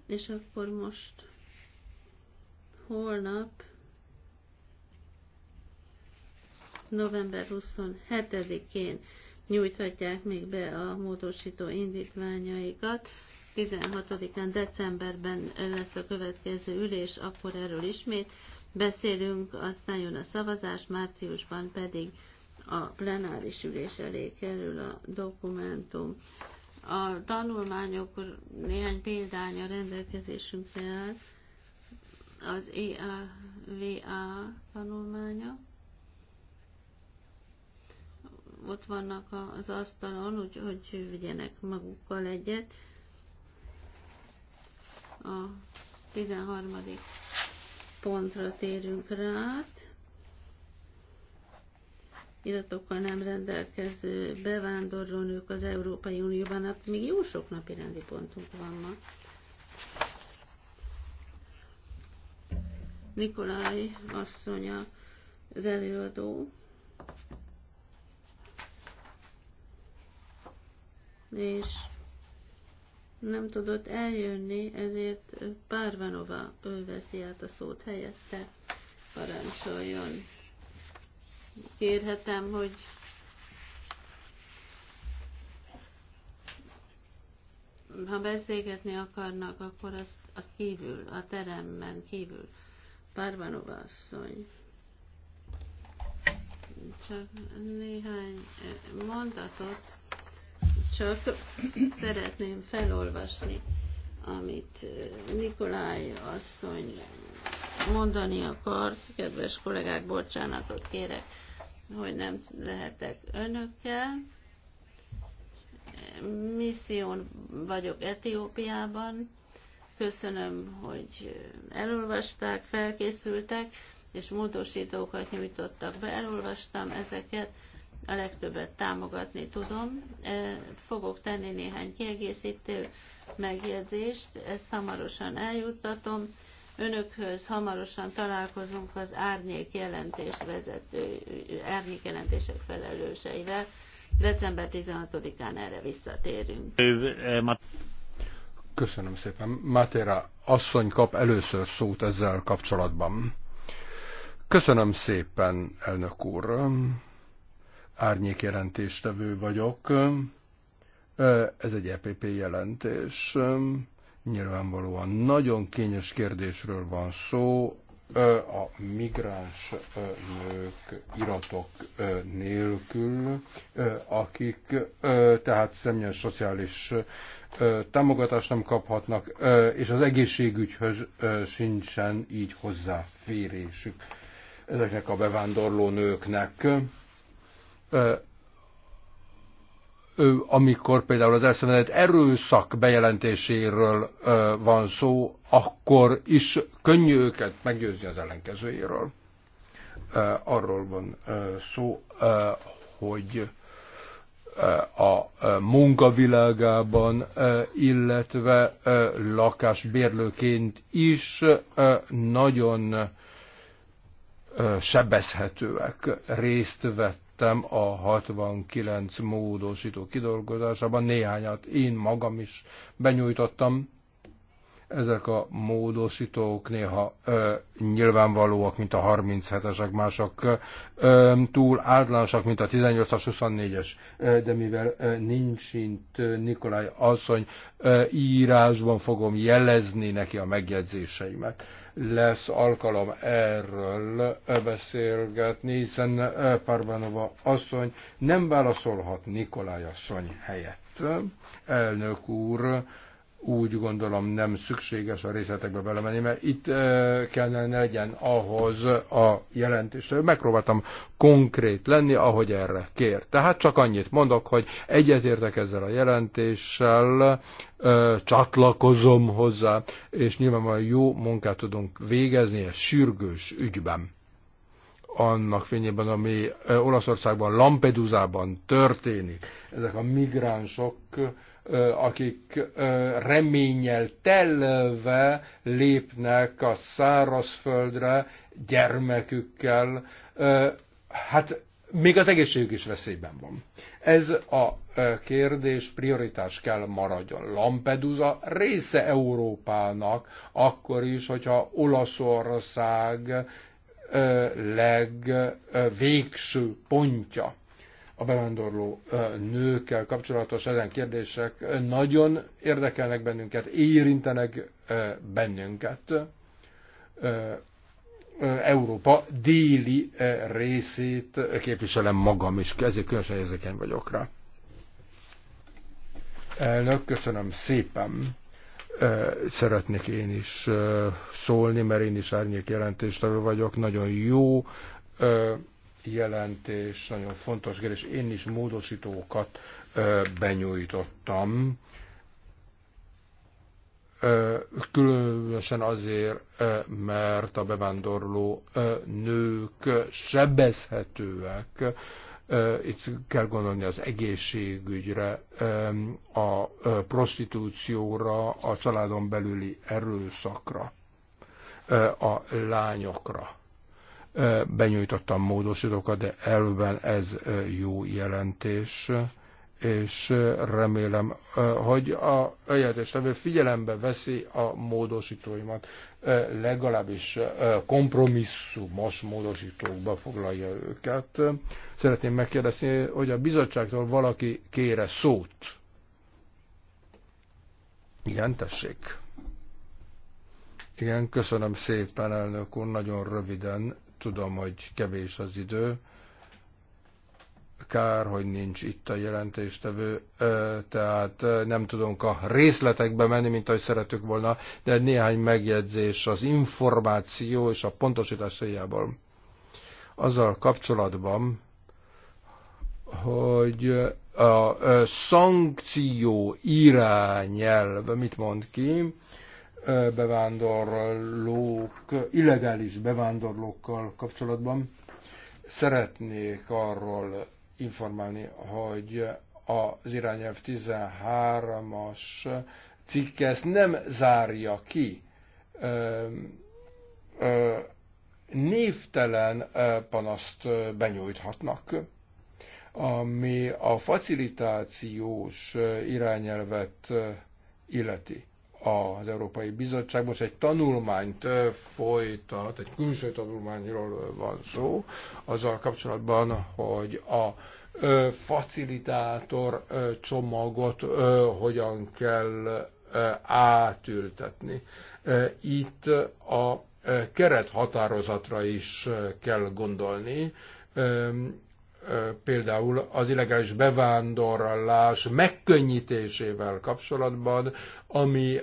És akkor most holnap november 27-én nyújthatják még be a módosító indítványaikat. 16-án decemberben lesz a következő ülés, akkor erről ismét beszélünk, aztán jön a szavazás, márciusban pedig a plenáris ülés elé kerül a dokumentum. A tanulmányok néhány példánya rendelkezésünkre áll, az EAVA tanulmánya, ott vannak az asztalon, úgyhogy vigyenek magukkal egyet. A 13 pontra térünk rá. Iratokkal nem rendelkező nők az Európai Unióban, hát még jó sok napi rendi pontunk van ma. Nikolaj asszonya az előadó. És nem tudott eljönni, ezért Párvanova ő veszi át a szót helyette. Parancsoljon. Kérhetem, hogy ha beszélgetni akarnak, akkor azt, azt kívül, a teremben kívül. Párvanova asszony. Csak néhány eh, mondatot csak szeretném felolvasni, amit Nikolaj asszony mondani akart. Kedves kollégák, bocsánatot kérek, hogy nem lehetek önökkel. Misszión vagyok Etiópiában. Köszönöm, hogy elolvasták, felkészültek, és módosítókat nyújtottak be. Elolvastam ezeket a legtöbbet támogatni tudom. E, fogok tenni néhány kiegészítő megjegyzést, ezt hamarosan eljuttatom. Önökhöz hamarosan találkozunk az árnyék jelentés vezető, árnyék jelentések felelőseivel. December 16-án erre visszatérünk. Köszönöm szépen. Mátéra asszony kap először szót ezzel kapcsolatban. Köszönöm szépen, elnök úr árnyékjelentéstevő vagyok. Ez egy EPP jelentés. Nyilvánvalóan nagyon kényes kérdésről van szó, a migráns nők iratok nélkül, akik tehát személyes szociális támogatást nem kaphatnak, és az egészségügyhöz sincsen így hozzáférésük ezeknek a bevándorló nőknek amikor például az elszenvedett erőszak bejelentéséről van szó, akkor is könnyű őket meggyőzni az ellenkezőjéről. Arról van szó, hogy a munkavilágában, illetve lakásbérlőként is nagyon sebezhetőek. Részt vett segítettem a 69 módosító kidolgozásában, néhányat én magam is benyújtottam. Ezek a módosítók néha ö, nyilvánvalóak, mint a 37-esek, mások ö, túl általánosak, mint a 18-as, 24-es. De mivel ö, nincs itt Nikolaj asszony, ö, írásban fogom jelezni neki a megjegyzéseimet lesz alkalom erről beszélgetni, hiszen eh, Parbanova asszony nem válaszolhat Nikolaj asszony helyett. Elnök úr, úgy gondolom nem szükséges a részletekbe belemenni, mert itt kellene legyen ahhoz a jelentés. Megpróbáltam konkrét lenni, ahogy erre kér. Tehát csak annyit mondok, hogy egyetértek ezzel a jelentéssel, csatlakozom hozzá, és nyilvánvalóan jó munkát tudunk végezni egy sürgős ügyben annak fényében, ami Olaszországban, Lampedusában történik. Ezek a migránsok akik reménnyel telve lépnek a szárazföldre gyermekükkel, hát még az egészségük is veszélyben van. Ez a kérdés prioritás kell maradjon. Lampedusa része Európának, akkor is, hogyha Olaszország legvégső pontja a bevándorló nőkkel kapcsolatos ezen kérdések nagyon érdekelnek bennünket, érintenek bennünket. Európa déli részét képviselem magam is, ezért különösen érzékeny vagyok rá. Elnök, köszönöm szépen. Szeretnék én is szólni, mert én is árnyék jelentéstevő vagyok. Nagyon jó jelentés nagyon fontos kérdés. Én is módosítókat benyújtottam, különösen azért, mert a bevándorló nők sebezhetőek, itt kell gondolni az egészségügyre, a prostitúcióra, a családon belüli erőszakra, a lányokra Benyújtottam módosítókat, de elvben ez jó jelentés, és remélem, hogy a jelentéstevő figyelembe veszi a módosítóimat, legalábbis kompromisszumos módosítókba foglalja őket. Szeretném megkérdezni, hogy a bizottságtól valaki kére szót. Igen, tessék. Igen, köszönöm szépen, elnök úr, nagyon röviden Tudom, hogy kevés az idő. Kár, hogy nincs itt a jelentéstevő, tehát nem tudunk a részletekbe menni, mint ahogy szeretük volna, de néhány megjegyzés az információ és a pontosítás céljából. Azzal kapcsolatban, hogy a szankció irányelv mit mond ki, bevándorlók, illegális bevándorlókkal kapcsolatban. Szeretnék arról informálni, hogy az irányelv 13-as cikke ezt nem zárja ki névtelen panaszt benyújthatnak, ami a facilitációs irányelvet illeti az Európai Bizottság most egy tanulmányt folytat, egy külső tanulmányról van szó, azzal kapcsolatban, hogy a facilitátor csomagot hogyan kell átültetni. Itt a kerethatározatra is kell gondolni, például az illegális bevándorlás megkönnyítésével kapcsolatban, ami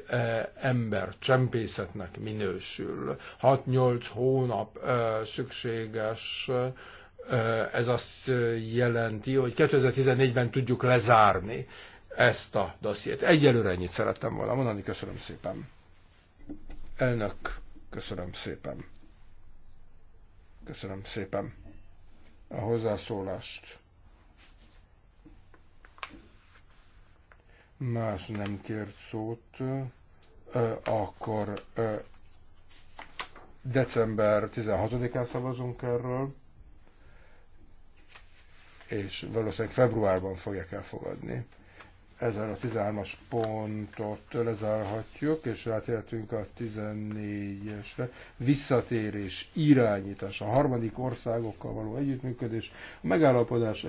ember csempészetnek minősül. 6-8 hónap szükséges, ez azt jelenti, hogy 2014-ben tudjuk lezárni ezt a dossziét. Egyelőre ennyit szerettem volna mondani, köszönöm szépen. Elnök, köszönöm szépen. Köszönöm szépen a hozzászólást. Más nem kért szót, akkor december 16-án szavazunk erről, és valószínűleg februárban fogják elfogadni ezzel a 13-as pontot lezárhatjuk, és rátérhetünk a 14-esre. Visszatérés, irányítás, a harmadik országokkal való együttműködés, a megállapodás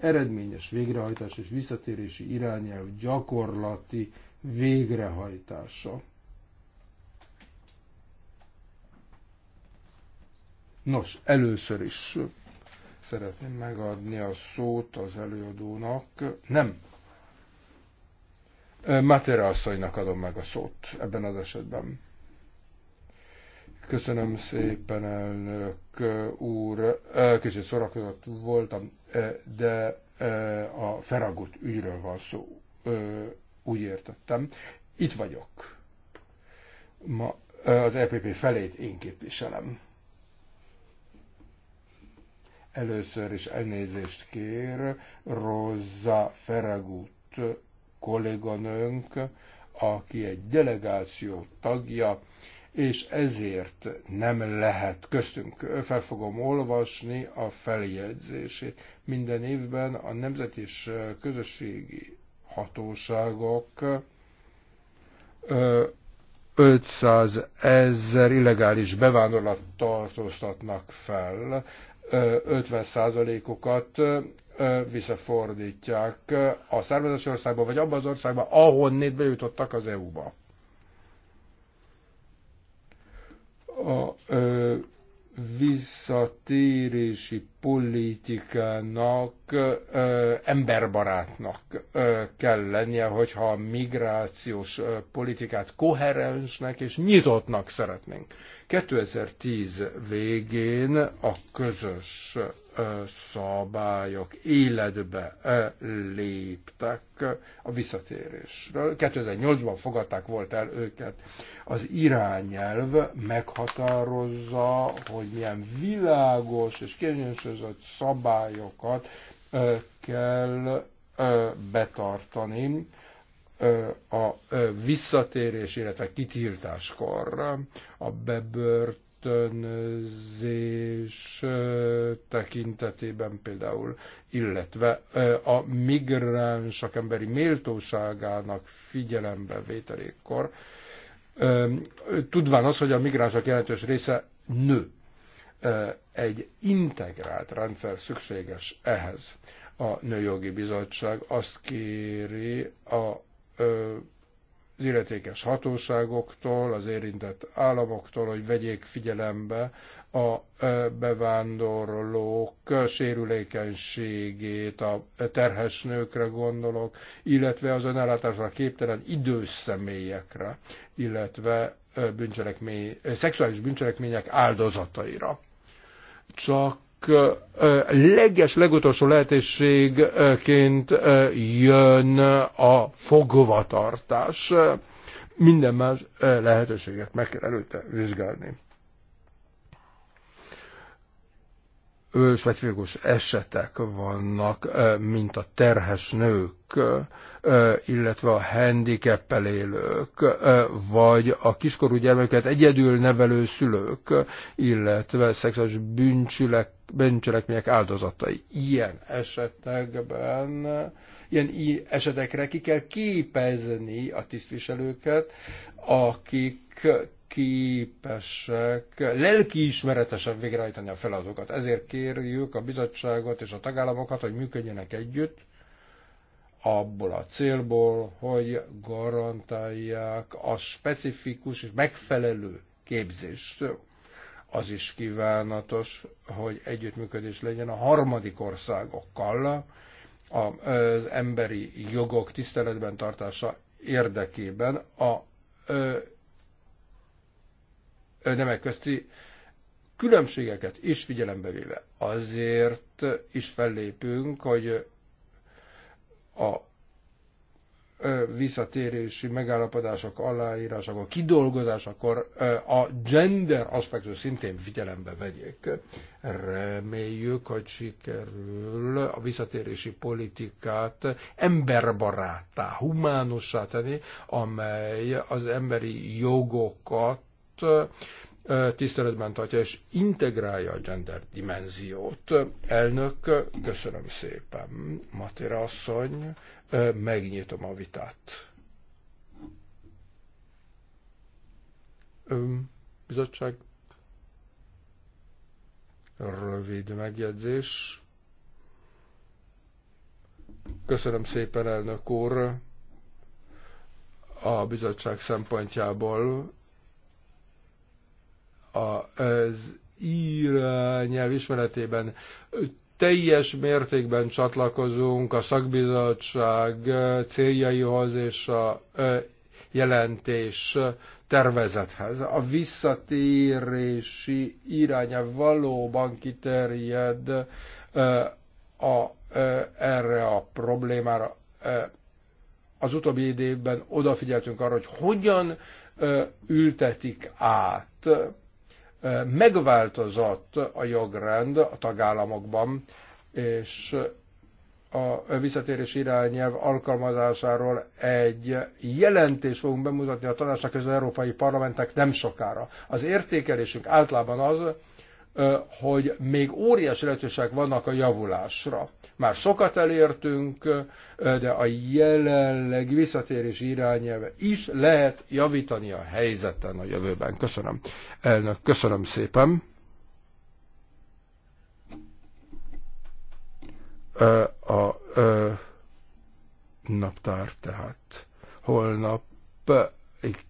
eredményes végrehajtás és visszatérési irányelv gyakorlati végrehajtása. Nos, először is szeretném megadni a szót az előadónak. Nem, Matera asszonynak adom meg a szót ebben az esetben. Köszönöm szépen, elnök úr. Kicsit szórakozott voltam, de a Feragut ügyről van szó. Úgy értettem. Itt vagyok. Ma az EPP felét én képviselem. Először is elnézést kér Rosa Feragut kolléganőnk, aki egy delegáció tagja, és ezért nem lehet köztünk. Fel fogom olvasni a feljegyzését. Minden évben a nemzeti és közösségi hatóságok 500 ezer illegális bevándorlat tartóztatnak fel, 50 százalékokat visszafordítják a származás országba, vagy abban az országba, ahonnét bejutottak az EU-ba. A ö, visszatérési politikának ö, emberbarátnak ö, kell lennie, hogyha a migrációs ö, politikát koherensnek és nyitottnak szeretnénk. 2010 végén a közös szabályok életbe léptek a visszatérésről. 2008-ban fogadták volt el őket. Az irányelv meghatározza, hogy milyen világos és kiegyensúlyozott szabályokat kell betartani a visszatérés, illetve kitiltáskor a bebörtönzés tekintetében például, illetve a migránsak emberi méltóságának figyelembe vételékkor, tudván az, hogy a migránsok jelentős része nő. Egy integrált rendszer szükséges ehhez. A Nőjogi Bizottság azt kéri a az illetékes hatóságoktól, az érintett államoktól, hogy vegyék figyelembe a bevándorlók sérülékenységét, a terhes nőkre gondolok, illetve az önellátásra képtelen idős személyekre, illetve bűncselekmény, szexuális bűncselekmények áldozataira. Csak leges legutolsó lehetőségként jön a fogvatartás. Minden más lehetőséget meg kell előtte vizsgálni. specifikus esetek vannak, mint a terhes nők, illetve a handicappel élők, vagy a kiskorú gyermeket egyedül nevelő szülők, illetve szexuális bűncselek, bűncselekmények áldozatai. Ilyen esetekben, ilyen esetekre ki kell képezni a tisztviselőket, akik képesek lelkiismeretesen végrehajtani a feladatokat. Ezért kérjük a bizottságot és a tagállamokat, hogy működjenek együtt, abból a célból, hogy garantálják a specifikus és megfelelő képzést. Az is kívánatos, hogy együttműködés legyen a harmadik országokkal az emberi jogok tiszteletben tartása érdekében a nemek közti különbségeket is figyelembe véve. Azért is fellépünk, hogy a visszatérési megállapodások aláírásakor, kidolgozásakor a gender aspektus szintén figyelembe vegyék. Reméljük, hogy sikerül a visszatérési politikát emberbaráttá, humánossá tenni, amely az emberi jogokat tiszteletben tartja és integrálja a gender dimenziót. Elnök, köszönöm szépen. Matera asszony, megnyitom a vitát. Bizottság. Rövid megjegyzés. Köszönöm szépen, elnök úr. A bizottság szempontjából az ír nyelv ismeretében teljes mértékben csatlakozunk a szakbizottság céljaihoz és a jelentés tervezethez. A visszatérési iránya valóban kiterjed a, erre a problémára. Az utóbbi időben odafigyeltünk arra, hogy hogyan ültetik át megváltozott a jogrend a tagállamokban, és a visszatérés irányelv alkalmazásáról egy jelentést fogunk bemutatni a tanácsnak és az európai parlamentek nem sokára. Az értékelésünk általában az, hogy még óriási lehetőségek vannak a javulásra. Már sokat elértünk, de a jelenleg visszatérés irányelve is lehet javítani a helyzeten a jövőben. Köszönöm. Elnök, köszönöm szépen. A, a, a naptár tehát holnap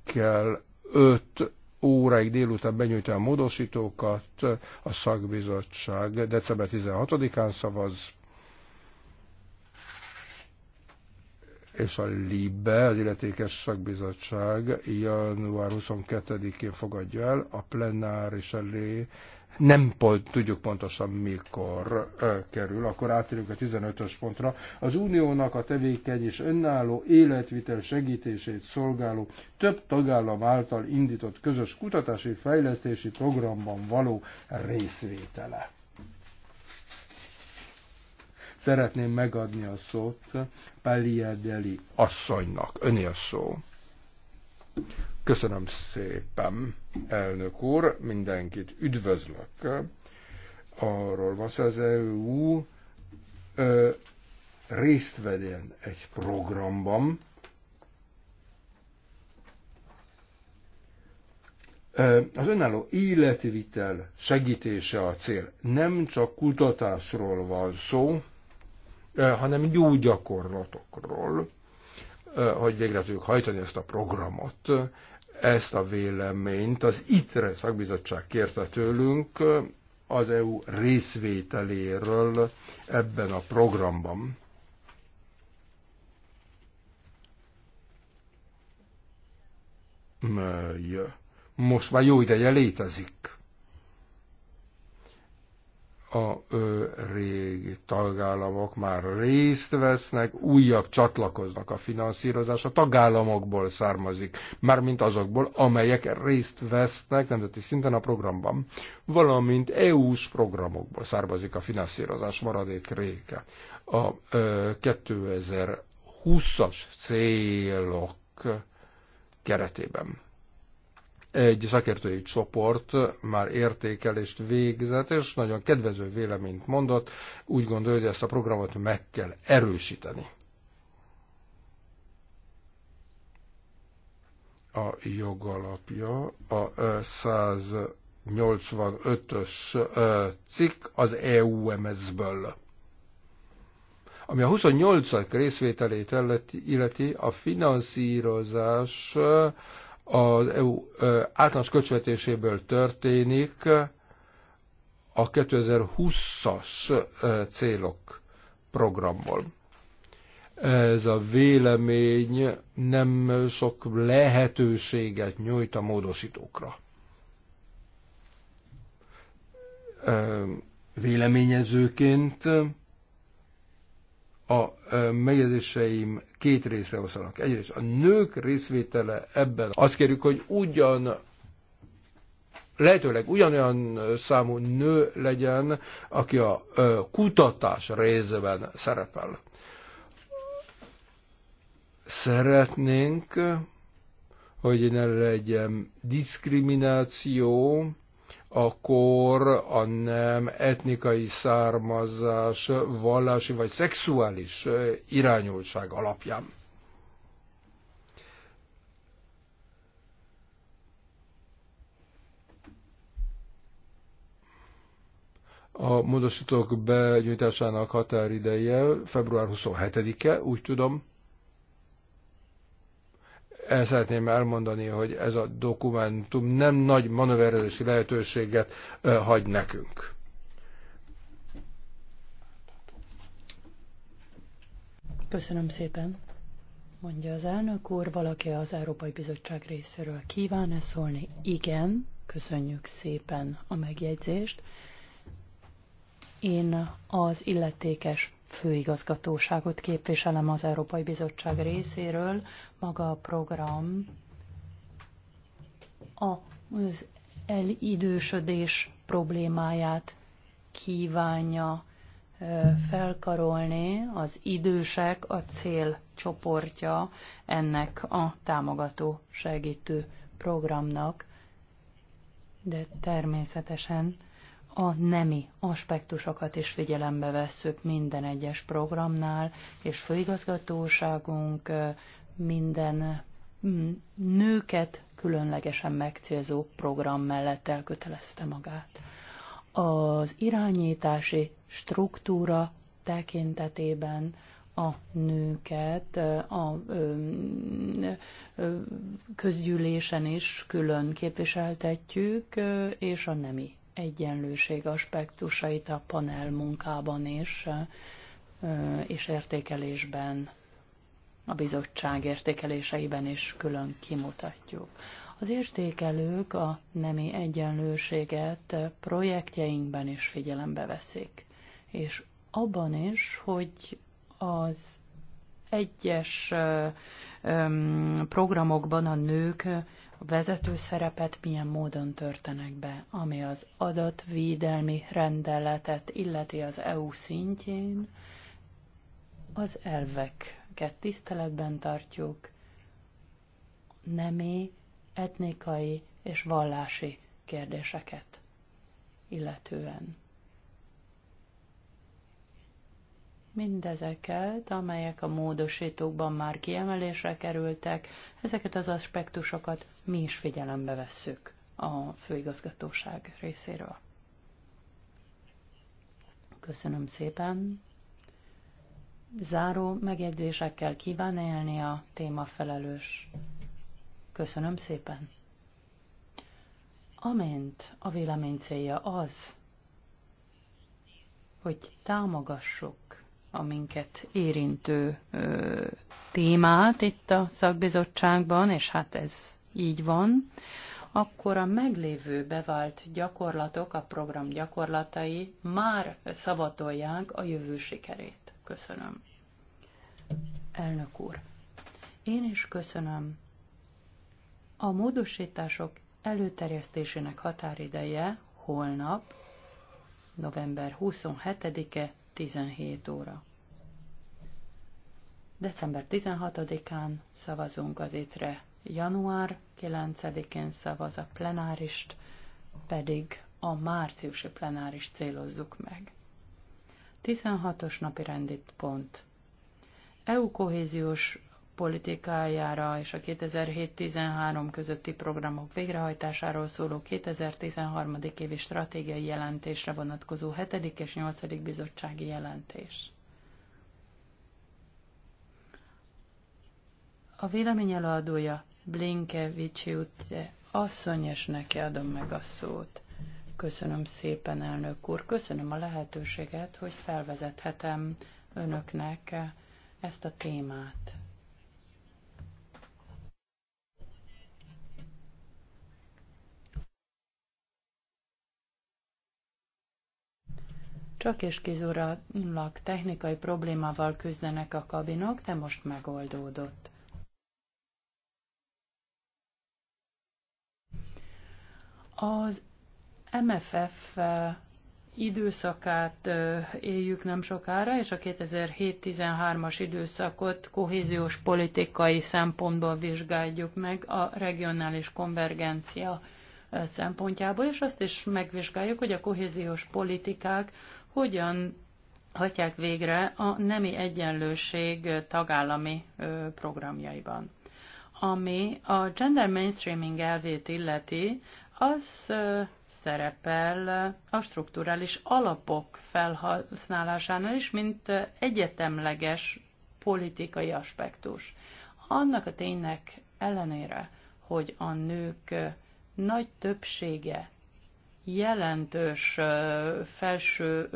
kell 5 óráig délután benyújtja a módosítókat, a szakbizottság december 16-án szavaz, és a LIBE, az illetékes szakbizottság január 22-én fogadja el a plenáris elé, nem pont, tudjuk pontosan mikor ö, kerül, akkor átérünk a 15-ös pontra. Az uniónak a tevékeny és önálló életvitel segítését szolgáló több tagállam által indított közös kutatási fejlesztési programban való részvétele. Szeretném megadni a szót Paliadeli asszonynak. Öné a szó. Köszönöm szépen, elnök úr, mindenkit üdvözlök. Arról van szó, az EU ö, részt vegyen egy programban, Az önálló életvitel segítése a cél. Nem csak kutatásról van szó, hanem jó gyakorlatokról, hogy végre tudjuk hajtani ezt a programot. Ezt a véleményt az ITRE szakbizottság kérte tőlünk az EU részvételéről ebben a programban. Mely most már jó ideje létezik a ö, régi tagállamok már részt vesznek, újabb csatlakoznak a finanszírozás, a tagállamokból származik, mármint azokból, amelyek részt vesznek nemzeti szinten a programban, valamint EU-s programokból származik a finanszírozás maradék réke. A ö, 2020-as célok keretében. Egy szakértői csoport már értékelést végzett, és nagyon kedvező véleményt mondott. Úgy gondolja, hogy ezt a programot meg kell erősíteni. A jogalapja a 185-ös cikk az EUMS-ből ami a 28-ak részvételét illeti, a finanszírozás az EU általános költségvetéséből történik a 2020-as célok programból. Ez a vélemény nem sok lehetőséget nyújt a módosítókra véleményezőként a megjegyzéseim két részre oszlanak. Egyrészt a nők részvétele ebben. Azt kérjük, hogy ugyan lehetőleg ugyanolyan számú nő legyen, aki a kutatás részben szerepel. Szeretnénk, hogy ne legyen diszkrimináció, akkor a nem etnikai származás, vallási vagy szexuális irányultság alapján. A módosítók benyújtásának határideje február 27-e, úgy tudom. El szeretném elmondani, hogy ez a dokumentum nem nagy manőverezési lehetőséget hagy nekünk. Köszönöm szépen. Mondja az elnök úr, valaki az Európai Bizottság részéről kíván-e szólni? Igen, köszönjük szépen a megjegyzést. Én az illetékes főigazgatóságot képviselem az Európai Bizottság részéről. Maga a program az elidősödés problémáját kívánja felkarolni az idősek a cél csoportja ennek a támogató segítő programnak, de természetesen a nemi aspektusokat is figyelembe vesszük minden egyes programnál, és főigazgatóságunk minden mm, nőket különlegesen megcélzó program mellett elkötelezte magát. Az irányítási struktúra tekintetében a nőket a mm, közgyűlésen is külön képviseltetjük, és a nemi egyenlőség aspektusait a panel munkában is, és értékelésben, a bizottság értékeléseiben is külön kimutatjuk. Az értékelők a nemi egyenlőséget projektjeinkben is figyelembe veszik, és abban is, hogy az egyes programokban a nők vezető szerepet milyen módon törtenek be, ami az adatvédelmi rendeletet illeti az EU szintjén, az elveket tiszteletben tartjuk, nemi, etnikai és vallási kérdéseket illetően. mindezeket, amelyek a módosítókban már kiemelésre kerültek, ezeket az aspektusokat mi is figyelembe vesszük a főigazgatóság részéről. Köszönöm szépen. Záró megjegyzésekkel kíván élni a téma felelős. Köszönöm szépen. Amint a vélemény célja az, hogy támogassuk a minket érintő ö, témát itt a szakbizottságban, és hát ez így van, akkor a meglévő bevált gyakorlatok, a program gyakorlatai már szavatolják a jövő sikerét. Köszönöm. Elnök úr, én is köszönöm. A módosítások előterjesztésének határideje holnap, november 27-e 17 óra. December 16-án szavazunk az étre, január 9-én szavaz a plenárist, pedig a márciusi plenáris célozzuk meg. 16-os napi rendi pont. EU kohéziós politikájára és a 2007-13 közötti programok végrehajtásáról szóló 2013. évi stratégiai jelentésre vonatkozó 7. és 8. bizottsági jelentés. A vélemény előadója Blinkevicsi utce asszony, és neki adom meg a szót. Köszönöm szépen, elnök úr, köszönöm a lehetőséget, hogy felvezethetem önöknek ezt a témát. Csak és kizurak technikai problémával küzdenek a kabinok, de most megoldódott. Az MFF eh, időszakát eh, éljük nem sokára, és a 2007-13-as időszakot kohéziós politikai szempontból vizsgáljuk meg a regionális konvergencia eh, szempontjából, és azt is megvizsgáljuk, hogy a kohéziós politikák hogyan hatják végre a nemi egyenlőség tagállami programjaiban. Ami a gender mainstreaming elvét illeti, az szerepel a strukturális alapok felhasználásánál is, mint egyetemleges politikai aspektus. Annak a ténynek ellenére, hogy a nők nagy többsége jelentős felső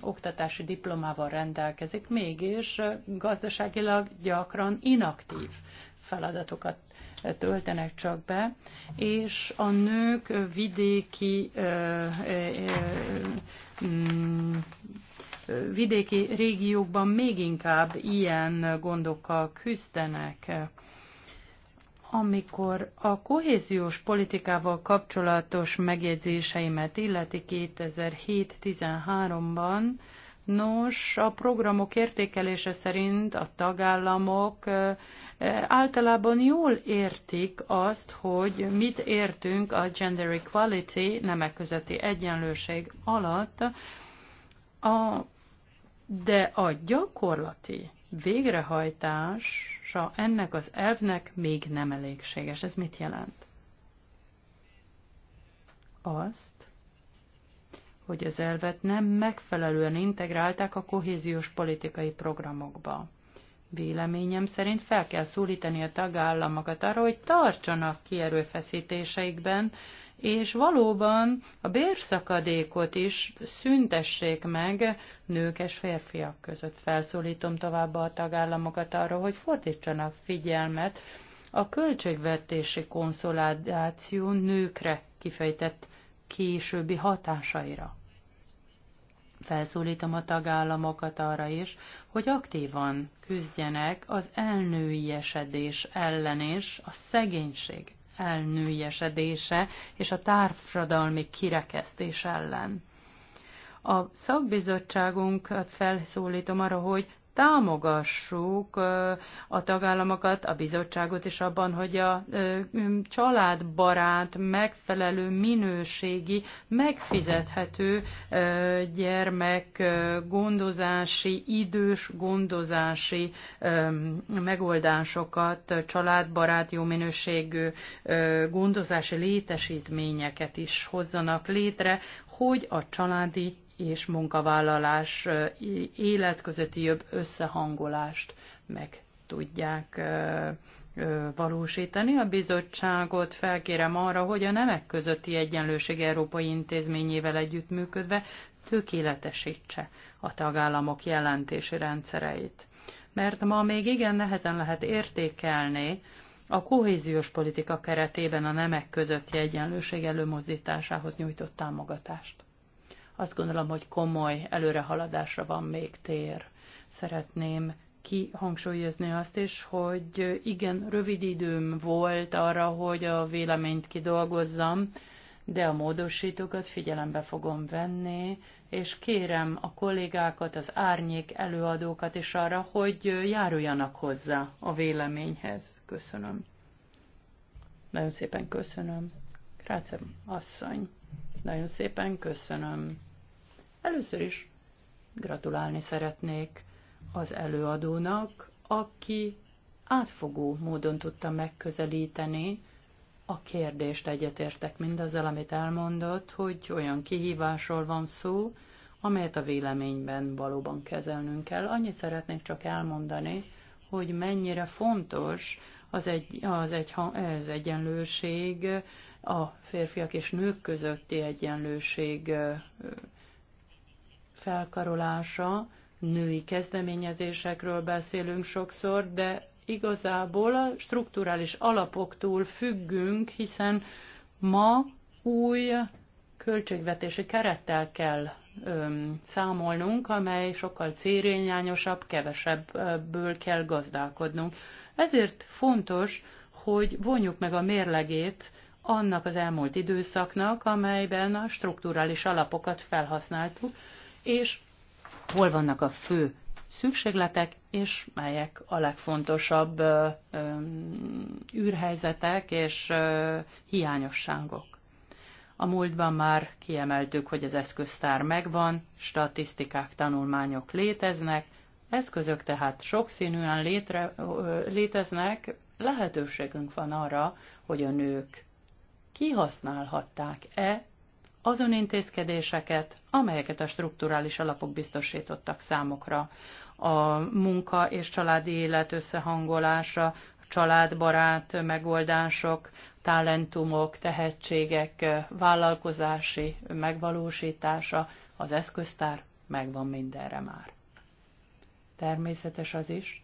oktatási diplomával rendelkezik, mégis gazdaságilag gyakran inaktív feladatokat töltenek csak be, és a nők vidéki mm, vidéki régiókban még inkább ilyen gondokkal küzdenek. Amikor a kohéziós politikával kapcsolatos megjegyzéseimet illeti 2007-13-ban, Nos, a programok értékelése szerint a tagállamok általában jól értik azt, hogy mit értünk a gender equality, nemek közötti egyenlőség alatt, a, de a gyakorlati végrehajtás hatása ennek az elvnek még nem elégséges. Ez mit jelent? Azt, hogy az elvet nem megfelelően integrálták a kohéziós politikai programokba. Véleményem szerint fel kell szólítani a tagállamokat arra, hogy tartsanak ki erőfeszítéseikben, és valóban a bérszakadékot is szüntessék meg nők és férfiak között. Felszólítom továbbá a tagállamokat arra, hogy fordítsanak figyelmet a költségvetési konszolidáció nőkre kifejtett későbbi hatásaira. Felszólítom a tagállamokat arra is, hogy aktívan küzdjenek az elnői esedés ellen és a szegénység elnőjesedése és a társadalmi kirekesztés ellen. A szakbizottságunkat felszólítom arra, hogy támogassuk a tagállamokat, a bizottságot is abban, hogy a családbarát, megfelelő minőségi, megfizethető gyermek gondozási, idős gondozási megoldásokat, családbarát, jó minőségű gondozási létesítményeket is hozzanak létre, hogy a családi és munkavállalás életközeti jobb összehangolást meg tudják valósítani. A bizottságot felkérem arra, hogy a nemek közötti egyenlőség Európai Intézményével együttműködve tökéletesítse a tagállamok jelentési rendszereit. Mert ma még igen nehezen lehet értékelni a kohéziós politika keretében a nemek közötti egyenlőség előmozdításához nyújtott támogatást. Azt gondolom, hogy komoly előrehaladásra van még tér. Szeretném kihangsúlyozni azt is, hogy igen, rövid időm volt arra, hogy a véleményt kidolgozzam, de a módosítókat figyelembe fogom venni, és kérem a kollégákat, az árnyék előadókat is arra, hogy járuljanak hozzá a véleményhez. Köszönöm. Nagyon szépen köszönöm. Krácem asszony, nagyon szépen köszönöm. Először is gratulálni szeretnék az előadónak, aki átfogó módon tudta megközelíteni a kérdést egyetértek mindazzal, amit elmondott, hogy olyan kihívásról van szó, amelyet a véleményben valóban kezelnünk kell. Annyit szeretnék csak elmondani, hogy mennyire fontos az, egy, az, egy, az egyenlőség, a férfiak és nők közötti egyenlőség felkarolása, női kezdeményezésekről beszélünk sokszor, de igazából a strukturális alapoktól függünk, hiszen ma új költségvetési kerettel kell öm, számolnunk, amely sokkal célirányosabb, kevesebbből kell gazdálkodnunk. Ezért fontos, hogy vonjuk meg a mérlegét annak az elmúlt időszaknak, amelyben a strukturális alapokat felhasználtuk, és hol vannak a fő szükségletek, és melyek a legfontosabb ö, ö, űrhelyzetek és ö, hiányosságok. A múltban már kiemeltük, hogy az eszköztár megvan, statisztikák, tanulmányok léteznek, eszközök tehát sokszínűen létre, ö, léteznek, lehetőségünk van arra, hogy a nők kihasználhatták-e azon intézkedéseket, amelyeket a strukturális alapok biztosítottak számokra. A munka és családi élet összehangolása, családbarát megoldások, talentumok, tehetségek vállalkozási megvalósítása, az eszköztár megvan mindenre már. Természetes az is,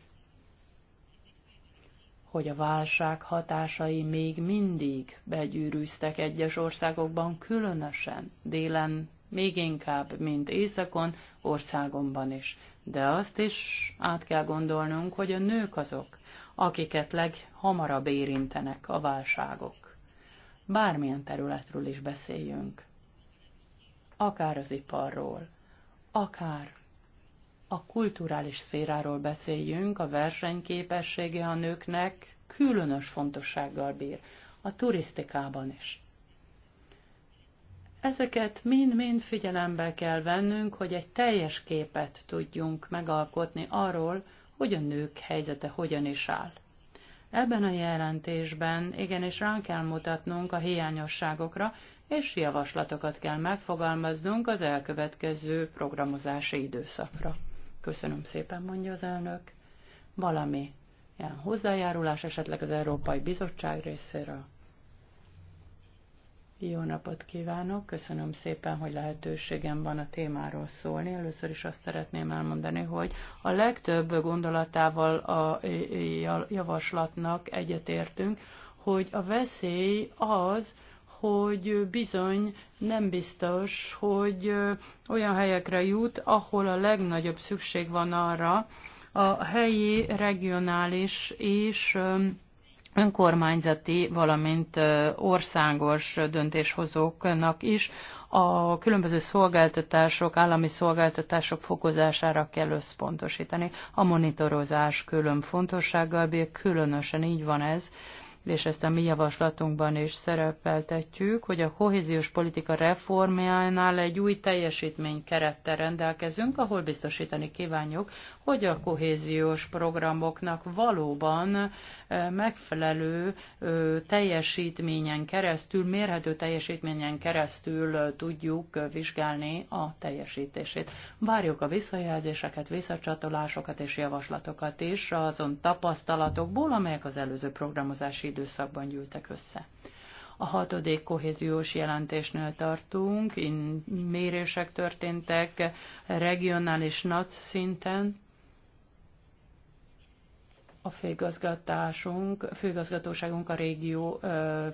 hogy a válság hatásai még mindig begyűrűztek egyes országokban, különösen délen, még inkább, mint északon, országomban is. De azt is át kell gondolnunk, hogy a nők azok, akiket leghamarabb érintenek a válságok. Bármilyen területről is beszéljünk. Akár az iparról, akár a kulturális szféráról beszéljünk, a versenyképessége a nőknek különös fontossággal bír, a turisztikában is. Ezeket mind-mind figyelembe kell vennünk, hogy egy teljes képet tudjunk megalkotni arról, hogy a nők helyzete hogyan is áll. Ebben a jelentésben igenis rá kell mutatnunk a hiányosságokra, és javaslatokat kell megfogalmaznunk az elkövetkező programozási időszakra. Köszönöm szépen, mondja az elnök. Valami ilyen hozzájárulás esetleg az Európai Bizottság részéről. Jó napot kívánok! Köszönöm szépen, hogy lehetőségem van a témáról szólni. Először is azt szeretném elmondani, hogy a legtöbb gondolatával a javaslatnak egyetértünk, hogy a veszély az, hogy bizony nem biztos, hogy olyan helyekre jut, ahol a legnagyobb szükség van arra, a helyi, regionális és önkormányzati, valamint országos döntéshozóknak is a különböző szolgáltatások, állami szolgáltatások fokozására kell összpontosítani. A monitorozás külön fontossággal bír, különösen így van ez és ezt a mi javaslatunkban is szerepeltetjük, hogy a kohéziós politika reformjánál egy új teljesítménykerettel rendelkezünk, ahol biztosítani kívánjuk, hogy a kohéziós programoknak valóban megfelelő teljesítményen keresztül, mérhető teljesítményen keresztül tudjuk vizsgálni a teljesítését. Várjuk a visszajelzéseket, visszacsatolásokat és javaslatokat is azon tapasztalatokból, amelyek az előző programozási időszakban gyűltek össze. A hatodik kohéziós jelentésnél tartunk, in mérések történtek regionális NAC szinten, a főigazgatásunk, főigazgatóságunk, a régió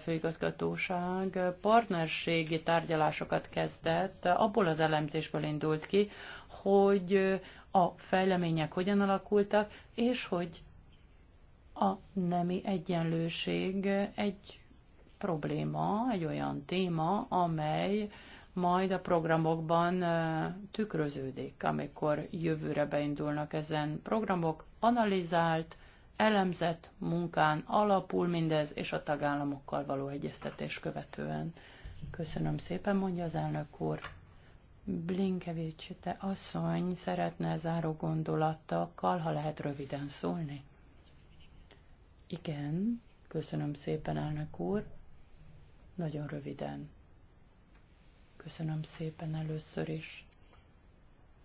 főigazgatóság partnerségi tárgyalásokat kezdett, abból az elemzésből indult ki, hogy a fejlemények hogyan alakultak, és hogy a nemi egyenlőség egy probléma, egy olyan téma, amely majd a programokban tükröződik, amikor jövőre beindulnak ezen programok, analizált, elemzett munkán alapul mindez, és a tagállamokkal való egyeztetés követően. Köszönöm szépen, mondja az elnök úr. Blinkevics, te asszony, szeretne záró gondolattakkal, ha lehet röviden szólni? Igen, köszönöm szépen, elnök úr. Nagyon röviden. Köszönöm szépen először is.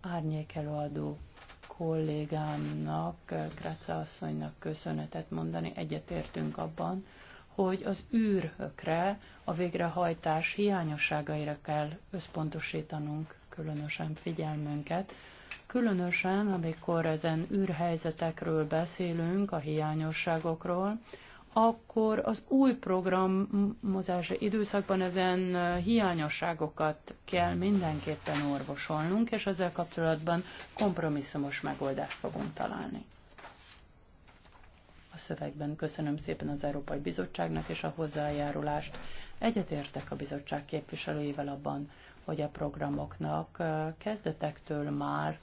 árnyékelőadó kollégámnak, Kráca asszonynak köszönetet mondani. Egyetértünk abban, hogy az űrhökre, a végrehajtás hiányosságaira kell összpontosítanunk különösen figyelmünket, Különösen, amikor ezen űrhelyzetekről beszélünk, a hiányosságokról, akkor az új programozási időszakban ezen hiányosságokat kell mindenképpen orvosolnunk, és ezzel kapcsolatban kompromisszumos megoldást fogunk találni. A szövegben köszönöm szépen az Európai Bizottságnak és a hozzájárulást. Egyetértek a bizottság képviselőivel abban, hogy a programoknak kezdetektől már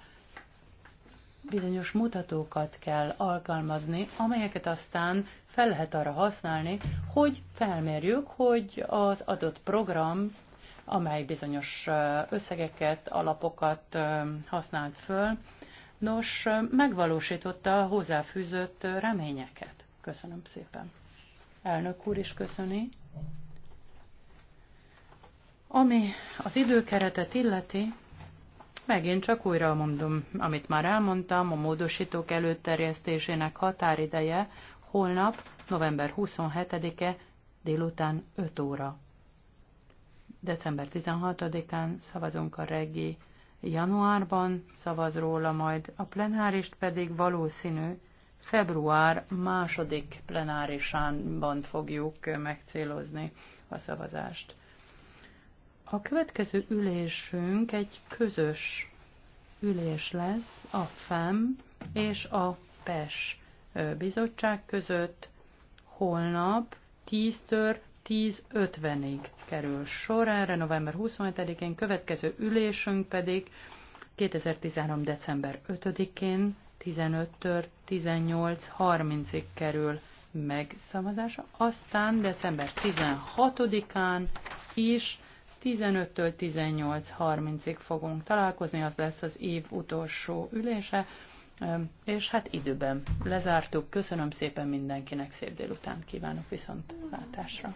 bizonyos mutatókat kell alkalmazni, amelyeket aztán fel lehet arra használni, hogy felmérjük, hogy az adott program, amely bizonyos összegeket, alapokat használt föl, nos, megvalósította a hozzáfűzött reményeket. Köszönöm szépen. Elnök úr is köszöni. Ami az időkeretet illeti, Megint csak újra mondom, amit már elmondtam, a módosítók előterjesztésének határideje holnap, november 27-e délután 5 óra. December 16-án szavazunk a reggi, januárban szavaz róla majd, a plenárist pedig valószínű február második plenárisánban fogjuk megcélozni a szavazást. A következő ülésünk egy közös ülés lesz a FEM és a PES bizottság között holnap 10-től 10.50-ig kerül sor erre, november 27-én, következő ülésünk pedig 2013. december 5-én 15-től 18.30-ig kerül megszavazása, aztán december 16-án is 15-től 18.30-ig fogunk találkozni, az lesz az év utolsó ülése, és hát időben lezártuk. Köszönöm szépen mindenkinek, szép délután kívánok viszont látásra.